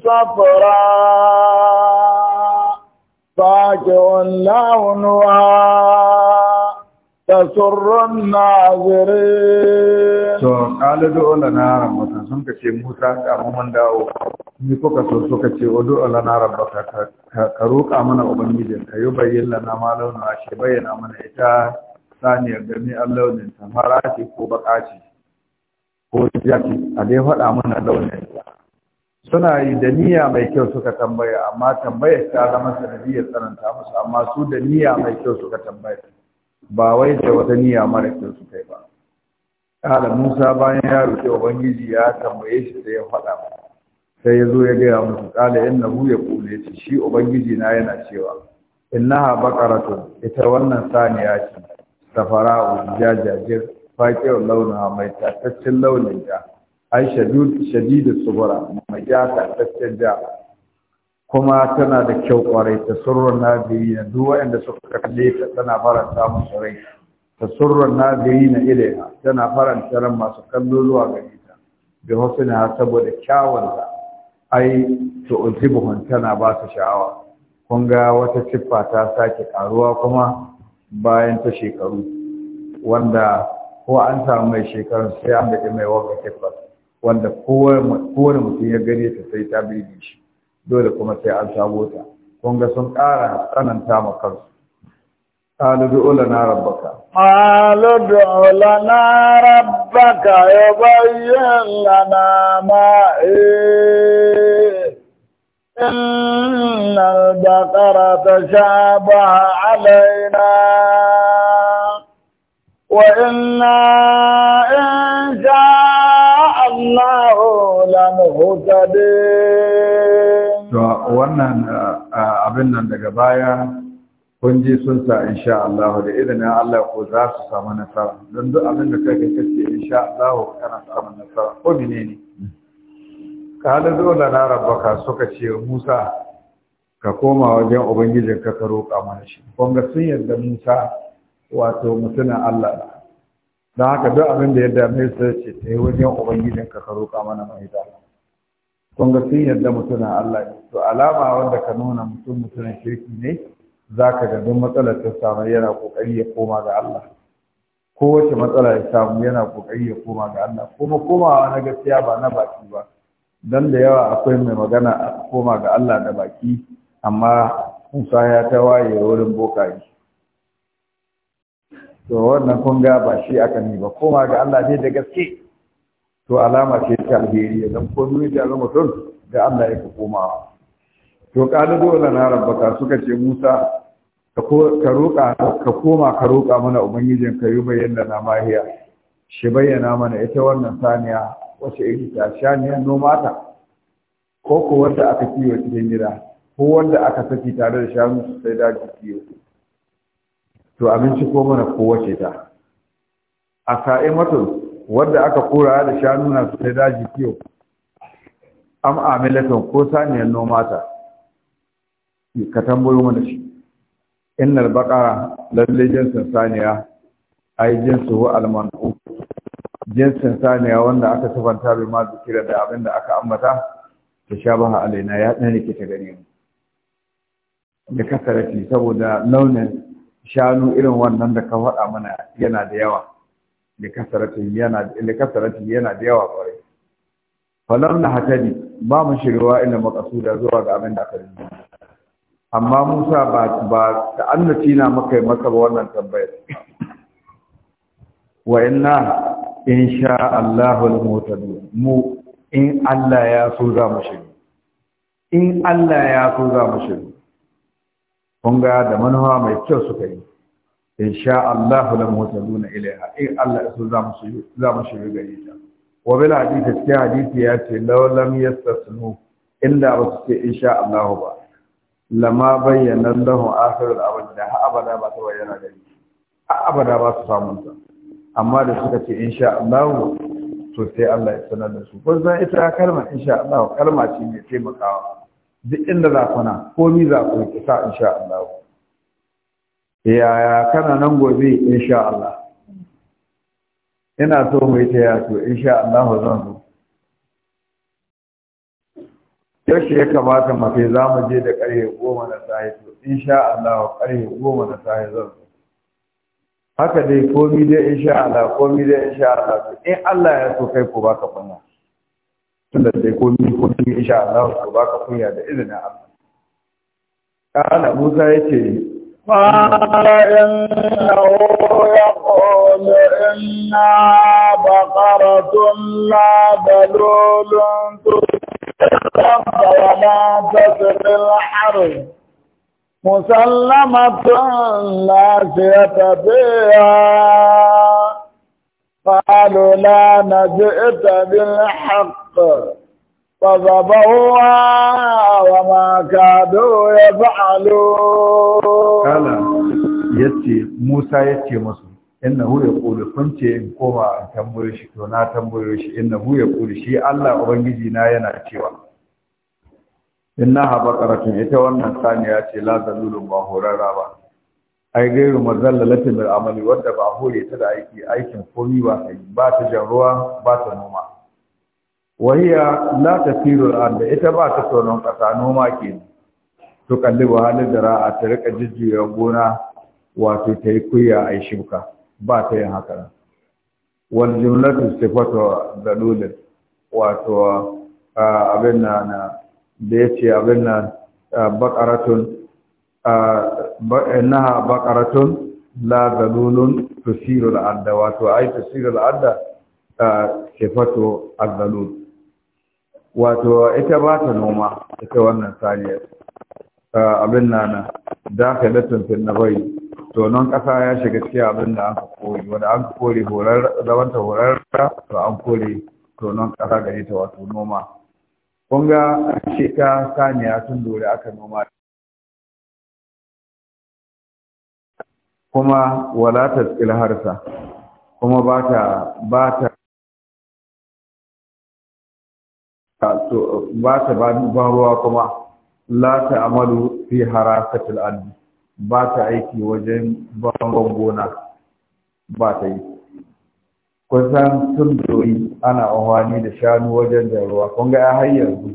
S2: صفراء فاكع لونها
S1: تسر الناظرين تو qalu دو لنا rabbaka sun kace Musa قام من dawo ni ko ka سو كتي ودو لنا lana rabbaka ka roka mana بين لنا ما لون lana بين امنا ايتا bayyana mana ita saniyar gami launin بقاتي ce ko ce ko jaki a dai faɗa mana launin suna yi da niyya mai kyau suka tambaya amma tambayar ta zama sanadiyar tsananta musu amma su da niyya mai kyau suka tambaya ba wai da wata niyya mara kyau su kai ba kala musa bayan ya roƙi ubangiji ya tambaye shi sai ya faɗa sai ya zo ya gaya musu kala in ya kule shi shi ubangiji na yana cewa innaha baqaratun ita wannan saniya ce safara'u jajajir faqiru launa mai tataccen launin ja aisha shadid shadidu subura mai ja tataccen ja kuma tana da kyau kwarai ta surrun na duk waɗanda suka kalle ta tana faranta musu rai ta surrun nazirina ilaiha tana faranta ran masu kallo zuwa gare ta bi husna saboda ta ai to uzibuhun tana ba su sha'awa kun ga wata siffa ta sake karuwa kuma bayan ta shekaru wanda ko an samu mai shekaru sai an daɗe mai siffa wanda kowane mutum ya gane ta sai ta birge shi dole kuma sai an samo ta kun ga sun ƙara tsananta ma kansu قالوا ادع لنا ربك
S2: قالوا ادع لنا ربك يبين لنا ما إيه إن البقرة تشابه علينا وإنا إن شاء الله لمهتدين
S1: wannan abin nan daga baya kun ji sun sa insha Allah da idan Allah ko za su samu nasara don duk abin da kake kace insha Allah kana samu nasara ko menene kala zo da na rabbaka suka ce Musa ka koma wajen ubangijin ka ka roƙa mana shi kun ga sun yarda Musa wato mutuna Allah don haka duk abin da ya dame su ce ta yi wajen ubangijin ka ka roƙa mana mahita kun ga sun yarda mutumin Allah ne to alama wanda ka nuna mutum mutumin kirki ne za ka ga duk matsalar ta samu yana kokari ya koma ga Allah kowace matsala ya samu yana kokari ya koma ga Allah kuma komawa na gaskiya ba na baki ba dan da yawa akwai mai magana a koma ga Allah da baki amma Musa ya ta waye wurin bokaye to wannan kun ga ba shi aka ni ba koma ga Allah ne da gaske to alama ce ta alheri dan ko duniya ta zama mutum da Allah ya komawa to kada dole na rabbaka suka ce Musa ka roƙa ka koma ka roƙa mana ubangijin ka yi bayyana na mahiya shi bayyana mana ita wannan saniya wace iri ta saniya noma ta ko ko wanda aka kiwo cikin gida ko wanda aka saki tare da shanu su sai daji kiyo to abinci ko mana ko wace ta a sa'imatun wanda aka kora da shanu na su daji kiyo am amilatun ko saniyar noma ta ka tambayo mana shi innal baqara lalle jinsin saniya ai jinsu wa almanu jinsin saniya wanda aka sabanta bai ma zikira da abinda da aka ambata ta shabaha alaina ya dan rike ta gani da kasarafi saboda launin shanu irin wannan da ka faɗa mana yana da yawa da kasaratin yana da yawa kwarai falam na hatadi ba mu shirwa ila maqsuda zuwa ga abin da aka rubuta amma Musa ba ba ta annaci na maka maka wannan tambayar wa inna sha Allahu al-mutadu mu in Allah ya so za mu shiru in Allah ya so za mu shiru kun ga da manuwa mai kyau suka yi in sha Allah la mutaduna ilaiha in Allah so za mu shi za mu shi gare ta wa bil hadith ta hadisi ya ce law lam yastasnu illa ba su ce in sha Allah ba lama bayyana lahu al abada da abada ba ta bayyana da ni abada ba su samu ta amma da suka ce in sha Allah to sai Allah ya sanar da su ko zan ita kalma in sha Allah kalma ce mai taimakawa duk inda za ku na komi za ku ki sa in sha Allah yaya kana nan gobe insha Allah ina so mu yi ta yato insha Allah zan zo yaushe ya kamata mafi za mu je da ƙarfe goma na sahi to insha Allah ƙarfe goma na sahi zan zo haka dai komi dai insha Allah komi dai insha Allah to in Allah ya so kai ko baka kunya tunda dai komi komi insha Allah ko baka kunya da izinin Allah kana Musa ce. فإنه
S2: يقول إنا بقرة لا ذلول تسقط ولا تسقي الحرب مسلمة لا شية فيها قالوا لا نجئت بالحق فذبوها وما كادوا يفعلون
S1: قال يتي موسى يتي مصر innahu yaqulu sun ce in koma in tambayo shi to na tambayo shi ya yaqulu shi Allah ubangiji na yana cewa haɓaka baqaratun ita wannan saniya ce "Lazalulun ba horarra ba ai gairu mazallalatin bil amali wanda ba hore ta da aiki aikin komi ba sai ba ta jan ruwa ba ta noma wahiya la tasiru al ita ba ta tonon kasa noma ke to kalli wa halin da ra'a ta rika jijjiya gona wato ta yi kuya a yi shuka ba ta yin haka wal jumlatu sifatu dalul wato abin na da yace ce abin na bakaratun naha la dalulun tusiru al'adda wato ai tusiru al'adda sifatu al-dalul wato ita ba ta noma ita wannan saniyar abin nan. da ka yi na to nan kasa ya shiga cikin abin da aka kori wanda an kore horar zamanta horar to an kori to nan kasa gare ta wato noma kun ga shi ka saniya
S3: tun dore aka noma kuma wala ta harsa kuma ba ta ba ta
S1: ba ta ban ruwa kuma la ta amalu fi harasatil ardi ba ta aiki wajen bangon gona ba ta yi san tun doyi ana amfani da shanu wajen da ruwa kun ga har yanzu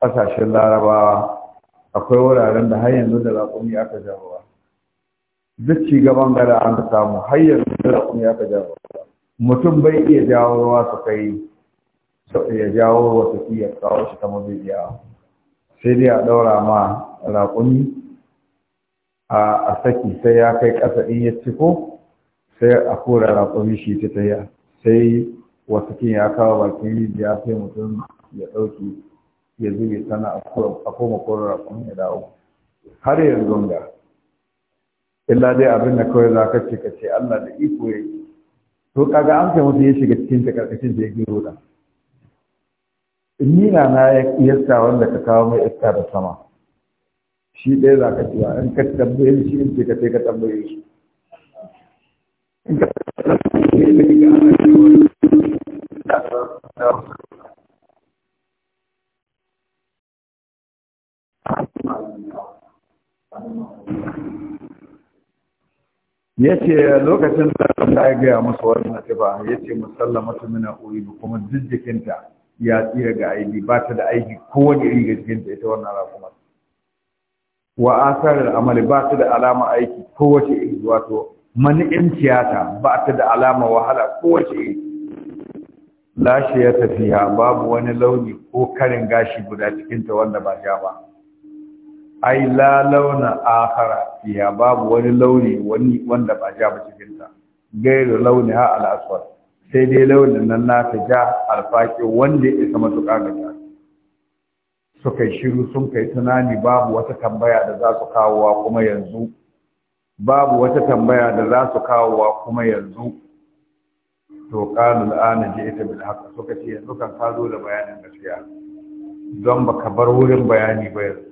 S1: kasashen larabawa akwai wuraren da har yanzu da raƙumi aka ja ruwa duk ci gaban gada an samu har yanzu da raƙumi aka ja ruwa mutum bai iya jawo ruwa su kai sau ya jawo wata ya kawo shi ta mabibiya sai dai a ɗaura ma raƙumi a saki sai ya kai ƙasa in ya ciko sai a kura raƙumi shi ta taya sai wata ya kawo bakin rijiya sai mutum ya ɗauki ya zube sana a koma kura raƙumi ya dawo har yanzu ga illa dai abin da kawai za ka ce ka ce Allah da iko yi. to kaga an kai mutum ya shiga cikin ta karkashin da ya gero da nina na yasta wanda ka kawo mai iska da sama shi ɗaya za ka ciwa in ka tambaye shi in ce ka sai ka tambaye shi in ka tambaye shi
S3: ka ana cewa
S1: ya ce lokacin da ya gaya musu wani ba ya ce musallama tumina uri kuma jijjikinta ya tsira ga aibi ba ta da aiki kowane iri ga cikin ta ita wannan raƙumar wa asar al'amali ba ta da alama aiki kowace iri wato mani'in tiyata ba ta da alama wahala kowace iri lashe ya tafi ya babu wani launi ko karin gashi guda ta wanda ba ja ba ai la launa akhara fiha babu wani launi wani wanda ba ja ba ta gairu launi ha al aswad sai dai launin nan naka ja alfaƙi wanda ya isa matuƙa ga ja suka yi shiru sun kai tunani babu wata tambaya da za su kawowa kuma yanzu babu wata tambaya da za su kawowa kuma yanzu to qalu al'ana ita bil haqq suka ce yanzu kan ka zo da bayanin gaskiya don baka bar wurin bayani ba yanzu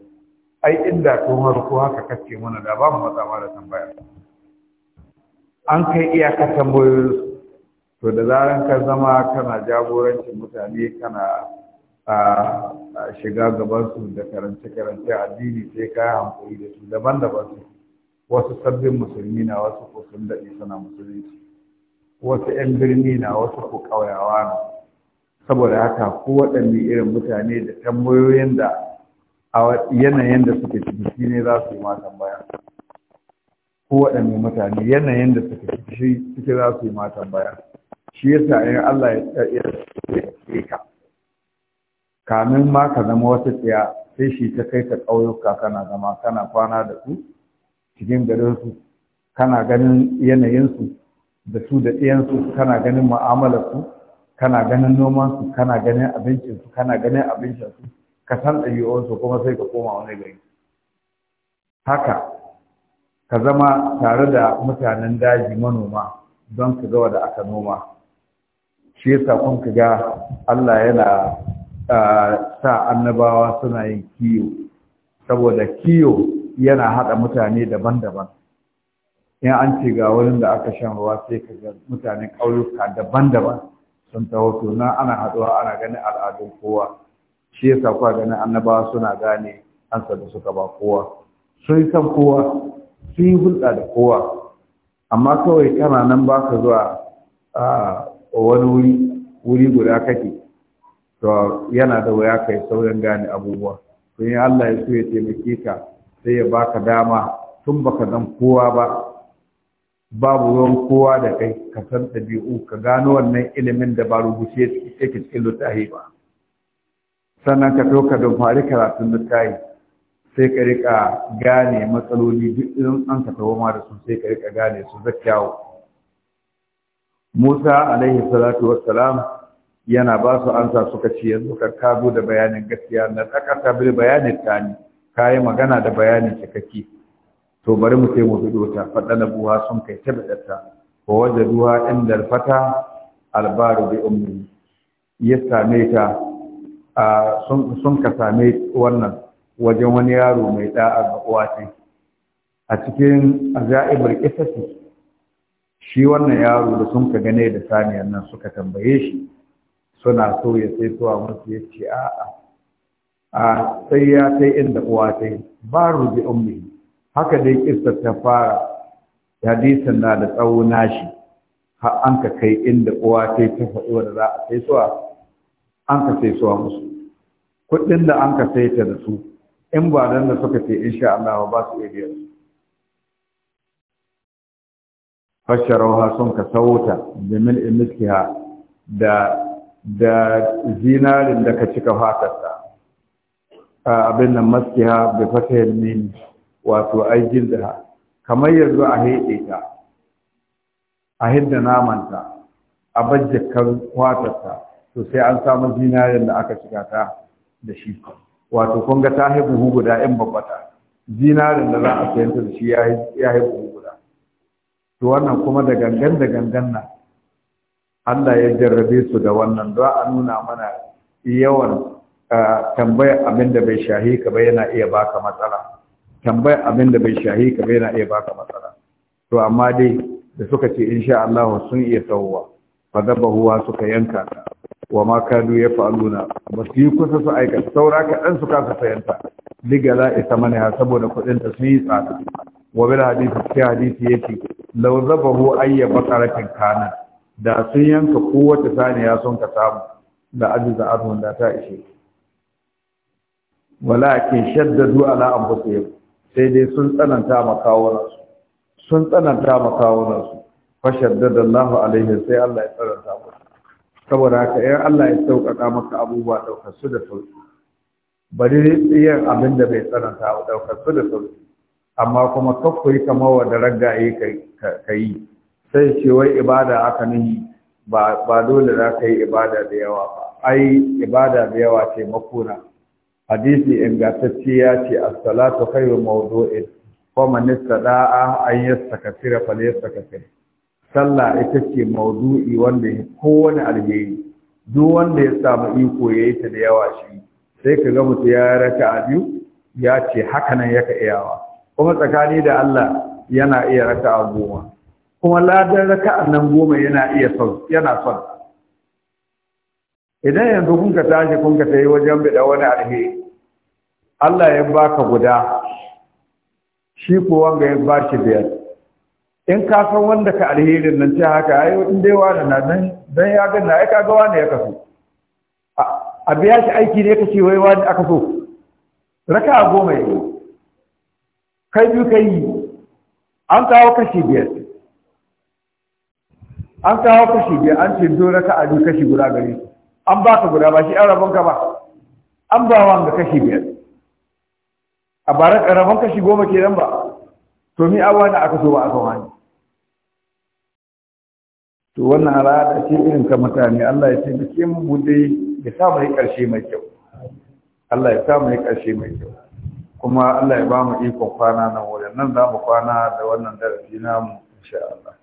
S1: ai inda tun harko haka kace mana da ba mu matsawa da tambaya an kai iyakar tambayoyin to da zaran ka zama kana jagorancin mutane kana a shiga gabansu da karance-karance addini sai ka yi hankali da su daban-daban su wasu sabbin musulmi na wasu ko sun daɗe suna musulunci wasu 'yan birni na wasu ko ƙauyawa na saboda haka ko waɗanne irin mutane da tambayoyin da a yanayin da suke ciki shi ne za su yi ma tambaya ko waɗanne mutane yanayin da suke ciki shi za su yi ma tambaya shi yasa in Allah ya tsaye ka kamin ma ka zama wata tsaya sai shi ta kai ka ƙauyuka kana zama kana kwana da su cikin garin su kana ganin yanayin su da su da su kana ganin su? kana ganin nomansu kana ganin abincinsu kana ganin abincinsu ka san su kuma sai ka koma wani gari haka ka zama tare da mutanen daji manoma don ka ga da aka noma shi yasa kun ga Allah yana sa annabawa suna yin kiyo saboda kiyo yana haɗa mutane daban-daban in an ce ga wurin da aka shan ruwa sai ka ga mutanen ƙauyuka daban-daban sun taho to ana haɗuwa ana ganin al'adun kowa shi yasa kuwa ganin annabawa suna gane ansa da suka ba kowa sun san kowa sun yi hulɗa da kowa amma kawai kana nan ba ka zuwa wani wuri wuri guda kake to yana da waya kai sauran gane abubuwa to in Allah ya so ya taimake ka sai ya baka dama tun baka zan kowa ba babu ruwan kowa da kai ka san ɗabi'u ka gano wannan ilimin da ba rubuce yake cikin littafi ba sannan ka ɗauka don fari karatun littafi sai ka rika gane matsaloli duk irin an ka tawo ma da su sai ka rika gane su zakyawo Musa alaihi salatu wassalam yana ba su ansa suka ce yanzu ka zo da bayanin gaskiya na ta bil bayanin tani kai magana da bayanin cikakke to bari mu sai mu bido ta na buha sun kai ta bidatta wa wajaduha inda alfata albaru bi ummi ya same ta sun ka same wannan wajen wani yaro mai da'a ga uwa a cikin ajaibul qisasi shi wannan yaro da sun ka gane da saniyar nan suka tambaye shi suna so ya sai suwa musu ya ce a'a a sai ya kai inda uwa ta yi ba rubi ummi haka dai kissa ta fara hadisin na da tsawo nashi har an ka kai inda uwa ta yi ta faɗi wanda za a sai suwa an ka sai suwa musu kuɗin da an ka sai ta da su in ba dan da suka ce insha Allah ba su iya biyan su fasharauha sun ka sauta da mil'in miskiha da da zinarin da ka cika fatarsa abin nan maskiha bi fatahil min wato ai jildaha kamar yanzu a haɗe ta a hidda namanta a bajjakan fatarsa to sai an samu zinarin da aka cika ta da shi wato kun ga ta haihu guda in babbata zinarin da za a sayanta da shi ya haihu to wannan kuma da gangan da gangan na Allah ya jarrabe su da wannan don a nuna mana yawan tambayar abin da bai shahi ka ba yana iya baka matsala tambayar abin da bai shahi ka ba yana iya baka matsala to amma dai da suka ce insha Allah sun iya tawwa fa dabahuwa suka yanka wa ma kadu ya fa'aluna ba su yi kusa su aikata saura kaɗan su kasa sayanta ligala isa mana saboda ta sun yi tsada wa bil hadisi ya hadisi yake zaba zabahu ayya baqaratin kana da sun yanka kowace saniya sun ka samu da ajiza arhun da ta ishe walakin shaddadu ala anfusihim sai dai sun tsananta makawunansu sun tsananta makawunansu fa shaddada Allah alaihi sai Allah ya tsananta musu saboda haka yan Allah ya sauƙaƙa maka abubuwa ɗaukar su da sauƙi bari yin abin da bai tsananta ba ɗaukar su da sauƙi amma kuma kakkuri kamar da ragaye ka yi sai ce wai ibada aka nuhi ba dole za ka yi ibada da yawa ba ai ibada da yawa ce makona hadisi ingantacce ya ce as kai khairu mawdu'in wa man istada'a an yastakthira falyastaksir sallah ita ce mawdu'i wanda kowane alheri duk wanda ya samu iko yayi ta da yawa shi sai ka ga mutu ya raka a biyu ya ce hakanan nan yaka iyawa kuma tsakani da Allah yana iya raka a goma kuma raka a nan goma yana iya son yana son idan yanzu kun ka tashi kun ka ta yi wajen bida wani arhe Allah ya baka guda shi ko wanga ya shi biyar in ka san wanda ka alherin nan ta haka ai in dai wani na nan dan ya ga na ai kaga wani ya kaso a biya shi aiki ne kace wai wani aka so Raka goma yau kai biyu kai yi an kawo kashi biyar an kawo kashi biyar an ce dora ka adu kashi guda gare su an ba ka guda ba shi an rabon ka ba an ba wa ga kashi biyar a bara rabon kashi goma ke nan ba to mi awa wani aka so ba aka wani to wannan al'ada ce irin ka mutane Allah ya ce bikin mu dai ya sa mu yi ƙarshe mai kyau Allah ya sa mu yi ƙarshe mai kyau kuma Allah ya ba mu ikon kwana na wurin nan za mu kwana da wannan darasi namu insha Allah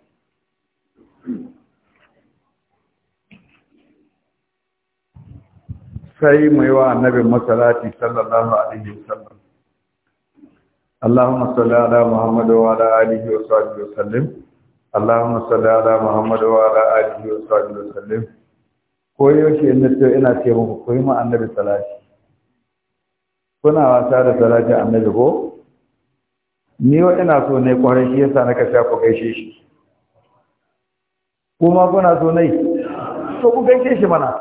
S1: sai mu yi wa annabin masalati sallallahu alaihi wasallam alihi wa sahbihi wa sallim. Allahumma salli ala Muhammad wa ala alihi wa sahbihi wa sallim. ko ina ce ina ce muku koyi ma annabi salati kuna wasa da salatin annabi ko ni wa ina so ne kwarai shi yasa na kashe ku gaishe shi kuma kuna so ne to ku gaishe shi mana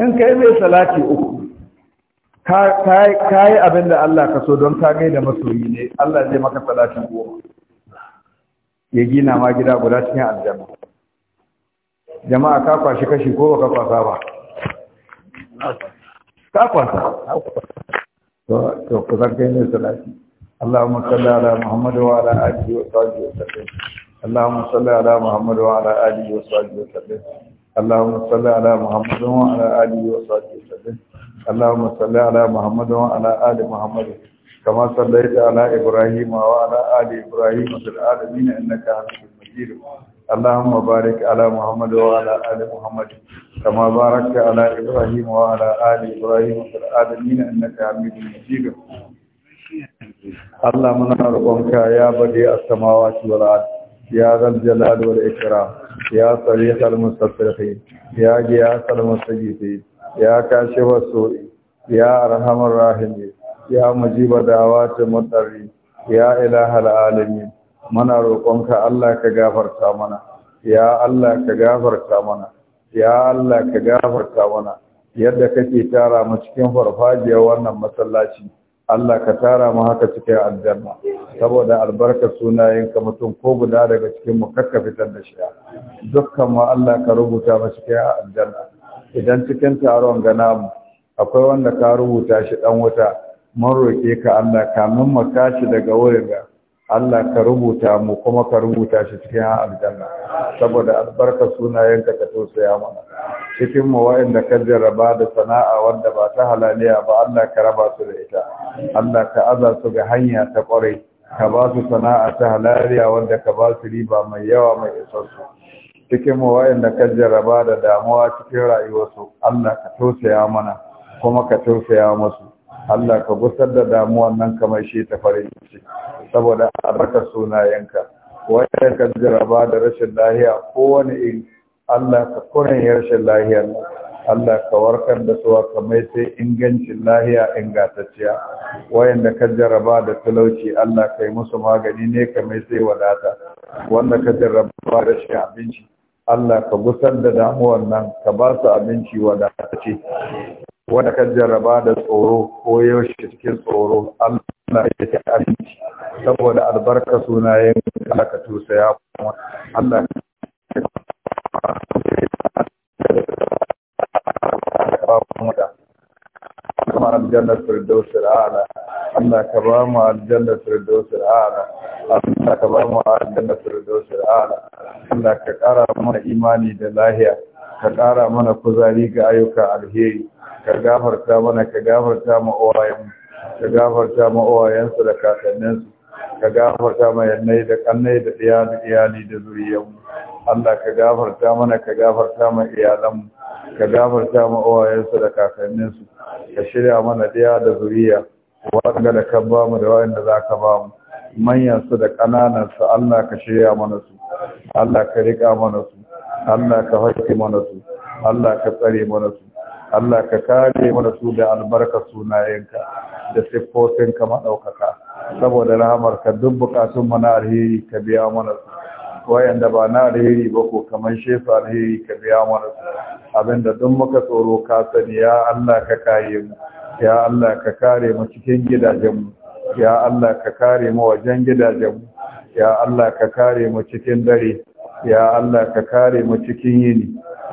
S1: in kai mai salati uku ka yi abin da Allah ka so don ka gaida masoyi ne Allah zai maka salati goma ya gina ma gida guda cikin aljanna jama'a ka kwashi kashi ko ka kwasa ba ta kwanta to ku kai ne salati Allahumma salli ala Muhammad wa ala alihi wa sahbihi wa Allahumma salli ala Muhammad wa ala alihi wa sahbihi wa Allahumma salli ala Muhammad wa ala alihi wa sahbihi wa sallim Allahumma salli ala Muhammad wa ala ali Muhammad كما صليت على إبراهيم وعلى آل إبراهيم في العالمين إنك حميد مجيد اللهم بارك على محمد وعلى آل محمد كما باركت على إبراهيم وعلى آل إبراهيم في العالمين أنك عميد مجيد اللهم نعرفك يا بدي السماوات والأرض يا ذا الجلال والإكرام يا صريح المستفرقين يا جياس المستجيبين يا كاشف السوء يا أرحم الراحمين يا مجيب دعوات المضطرين يا إله العالمين muna roƙonka Allah ka gafarta mana ya Allah ka gafarta mana ya Allah ka gafarta mana yadda kake tara mu cikin farfajiyar wannan masallaci Allah ka tara mu haka cikin aljanna saboda albarka sunayenka mutum ko guda daga cikin mu kakka fitar da shi dukkan mu Allah ka rubuta mu cikin aljanna idan cikin taron gana mu akwai wanda ka rubuta shi dan wuta mun roke ka Allah kamin mu tashi daga wurin ga Allah ka rubuta mu kuma ka rubuta shi cikin aljanna saboda albarka sunayenka ka tausaya mana cikin mu wa'anda ka jarraba da sana'a wanda ba ta halaliya ba Allah ka raba su da ita Allah ka aza su ga hanya ta kwarai ka ba su sana'a ta halaliya wanda ka ba su riba mai yawa mai isassu cikin mu wa'anda ka jarraba da damuwa cikin rayuwarsu Allah ka tausaya mana kuma ka tausaya musu Allah ka gusar da damuwan nan kamar shi ta farin ciki saboda a suna sunayenka wanda ka jaraba da rashin lahiya kowane in Allah ka kuren rashin lahiyar Allah ka warkar da suwa ka sai ingancin lahiya ingantacciya wayanda ka jaraba da talauci Allah ka yi musu magani ne kamar sai wadata wanda ka jaraba da shi abinci Allah ka gusar da damuwan nan ka ba su abinci wadatacce wanda ka jaraba da tsoro ko yaushe cikin tsoro Allah ya ci abinci saboda albarka sunayen aka tusa ya kuma Allah aljanna ka ba ka ka kara mana imani da lahiya ka kara mana kuzari ga ayyuka alheri ka gafarta mana ka gafarta ma uwayen ka gafarta ma su da kakanninsu ka gafarta ma yannai da kannai da iyali da iyali da zuriyarmu Allah ka gafarta mana ka gafarta ma mu. ka gafarta ma su da kakanninsu ka shirya mana ɗiya da zuriya wanda da ka ba mu da wanda za ka ba mu su da su Allah ka shirya mana su Allah ka rika mana su Allah ka haƙƙi mana su Allah ka tsare mana su Allah ka kare mana su da albarka sunayenka da siffofinka maɗaukaka saboda ka duk bukatun mana alheri ka biya mana su wayanda ba na alheri ba ko kamar shefa alheri ka biya mana su abinda duk muka tsoro ka sani ya Allah ka kare mu ya Allah ka kare mu cikin gidajen mu, ya Allah ka kare mu wajen gidajen mu, ya Allah ka kare mu cikin dare ya Allah ka kare mu cikin yini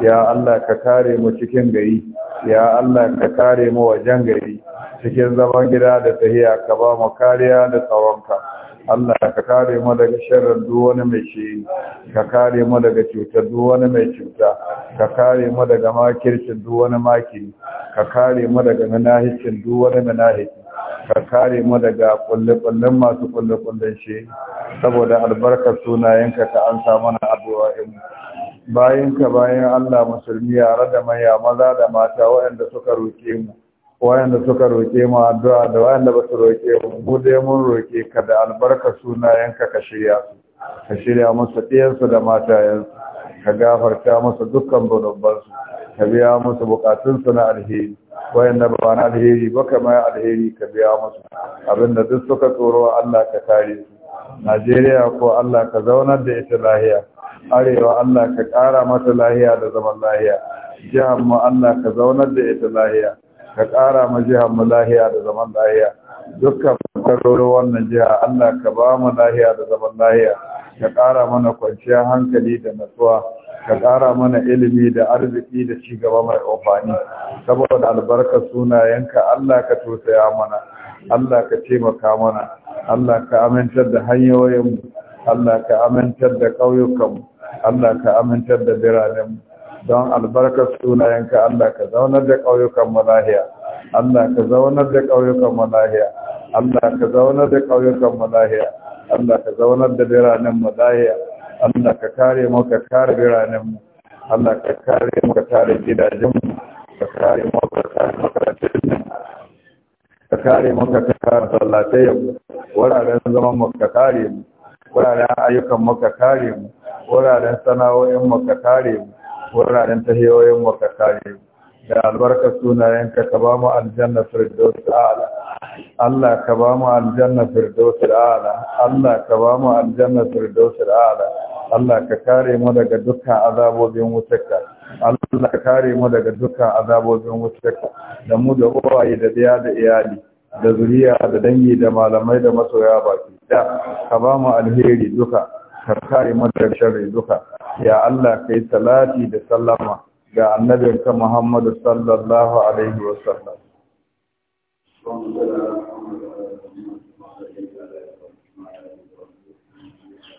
S1: ya Allah ka kare mu cikin gari ya Allah ka kare mu wajen gari cikin zaman gida da tahiya ka ba mu kariya da tsawonka. Allah ka kare mu daga sharrin duk wani mai shi ka kare mu daga cutar duk wani mai cuta ka kare mu daga makircin duk wani maki ka kare mu daga manahicin duk wani manahiki ka kare mu daga kulle-kullen masu kulle-kullen shi saboda albarkar sunayenka ka an mana abuwa in bayan ka bayan Allah musulmi yare da maya maza da mata wayanda suka roke mu Wayanda suka roke mu addu'a da wayanda ba su roke mu mu mun roke ka da albarkar sunayenka ka shirya su ka shirya musu ɗiyansu da matayensu ka gafarta musu dukkan zunubansu ka biya musu bukatunsu na alheri wayanda ba na alheri ba ka ya alheri ka biya musu abinda duk suka tsoro Allah ka kare su Najeriya ko Allah ka zaunar da ita lahiya arewa Allah ka ƙara mata lahiya da zaman lahiya jihar mu Allah ka zaunar da ita lahiya ka ƙara ma jihar mu lahiya da zaman lahiya dukkan karoro wannan jiha Allah ka ba mu lahiya da zaman lahiya ka ƙara mana kwanciyar hankali da natsuwa ka ƙara mana ilimi da arziki da ci gaba mai amfani saboda albarkar sunayenka Allah ka tosaya mana Allah ka taimaka mana Allah ka amintar da hanyoyinmu Allah ka amintar da ƙauyukanmu Allah ka amintar da biranenmu don albarkar sunayenka Allah ka zaunar da ƙauyukanmu lahiya Allah ka zaunar da ƙauyukanmu lahiya Allah ka zaunar da ƙauyukanmu lahiya Allah ka zaunar da biranenmu mu lahiya Allah ka kare mu ka kare biranen mu Allah ka kare mu ka kare gidajen mu ka kare mu ka kare makarantun mu ka kare mu ka kare sallatai mu wuraren zaman mu ka kare mu wuraren ayyukan mu ka kare mu wuraren sana'o'in mu ka kare mu wuraren tahiyoyin mu ka kare mu da albarkar sunayenka ka ba mu aljanna firdaus ala Allah ka ba mu aljanna firdaus ala Allah ka ba mu aljanna firdaus ala Allah ka kare mu daga dukkan azabobin wutarka Allah ka kare mu daga dukkan azabobin wutarka da mu da uwaye da biya da iyali da zuriya da dangi da malamai da masoya baki da ka ba mu alheri duka ka kare mu daga sharri duka ya Allah kai salati da sallama ga annabinka Muhammad sallallahu alaihi wasallam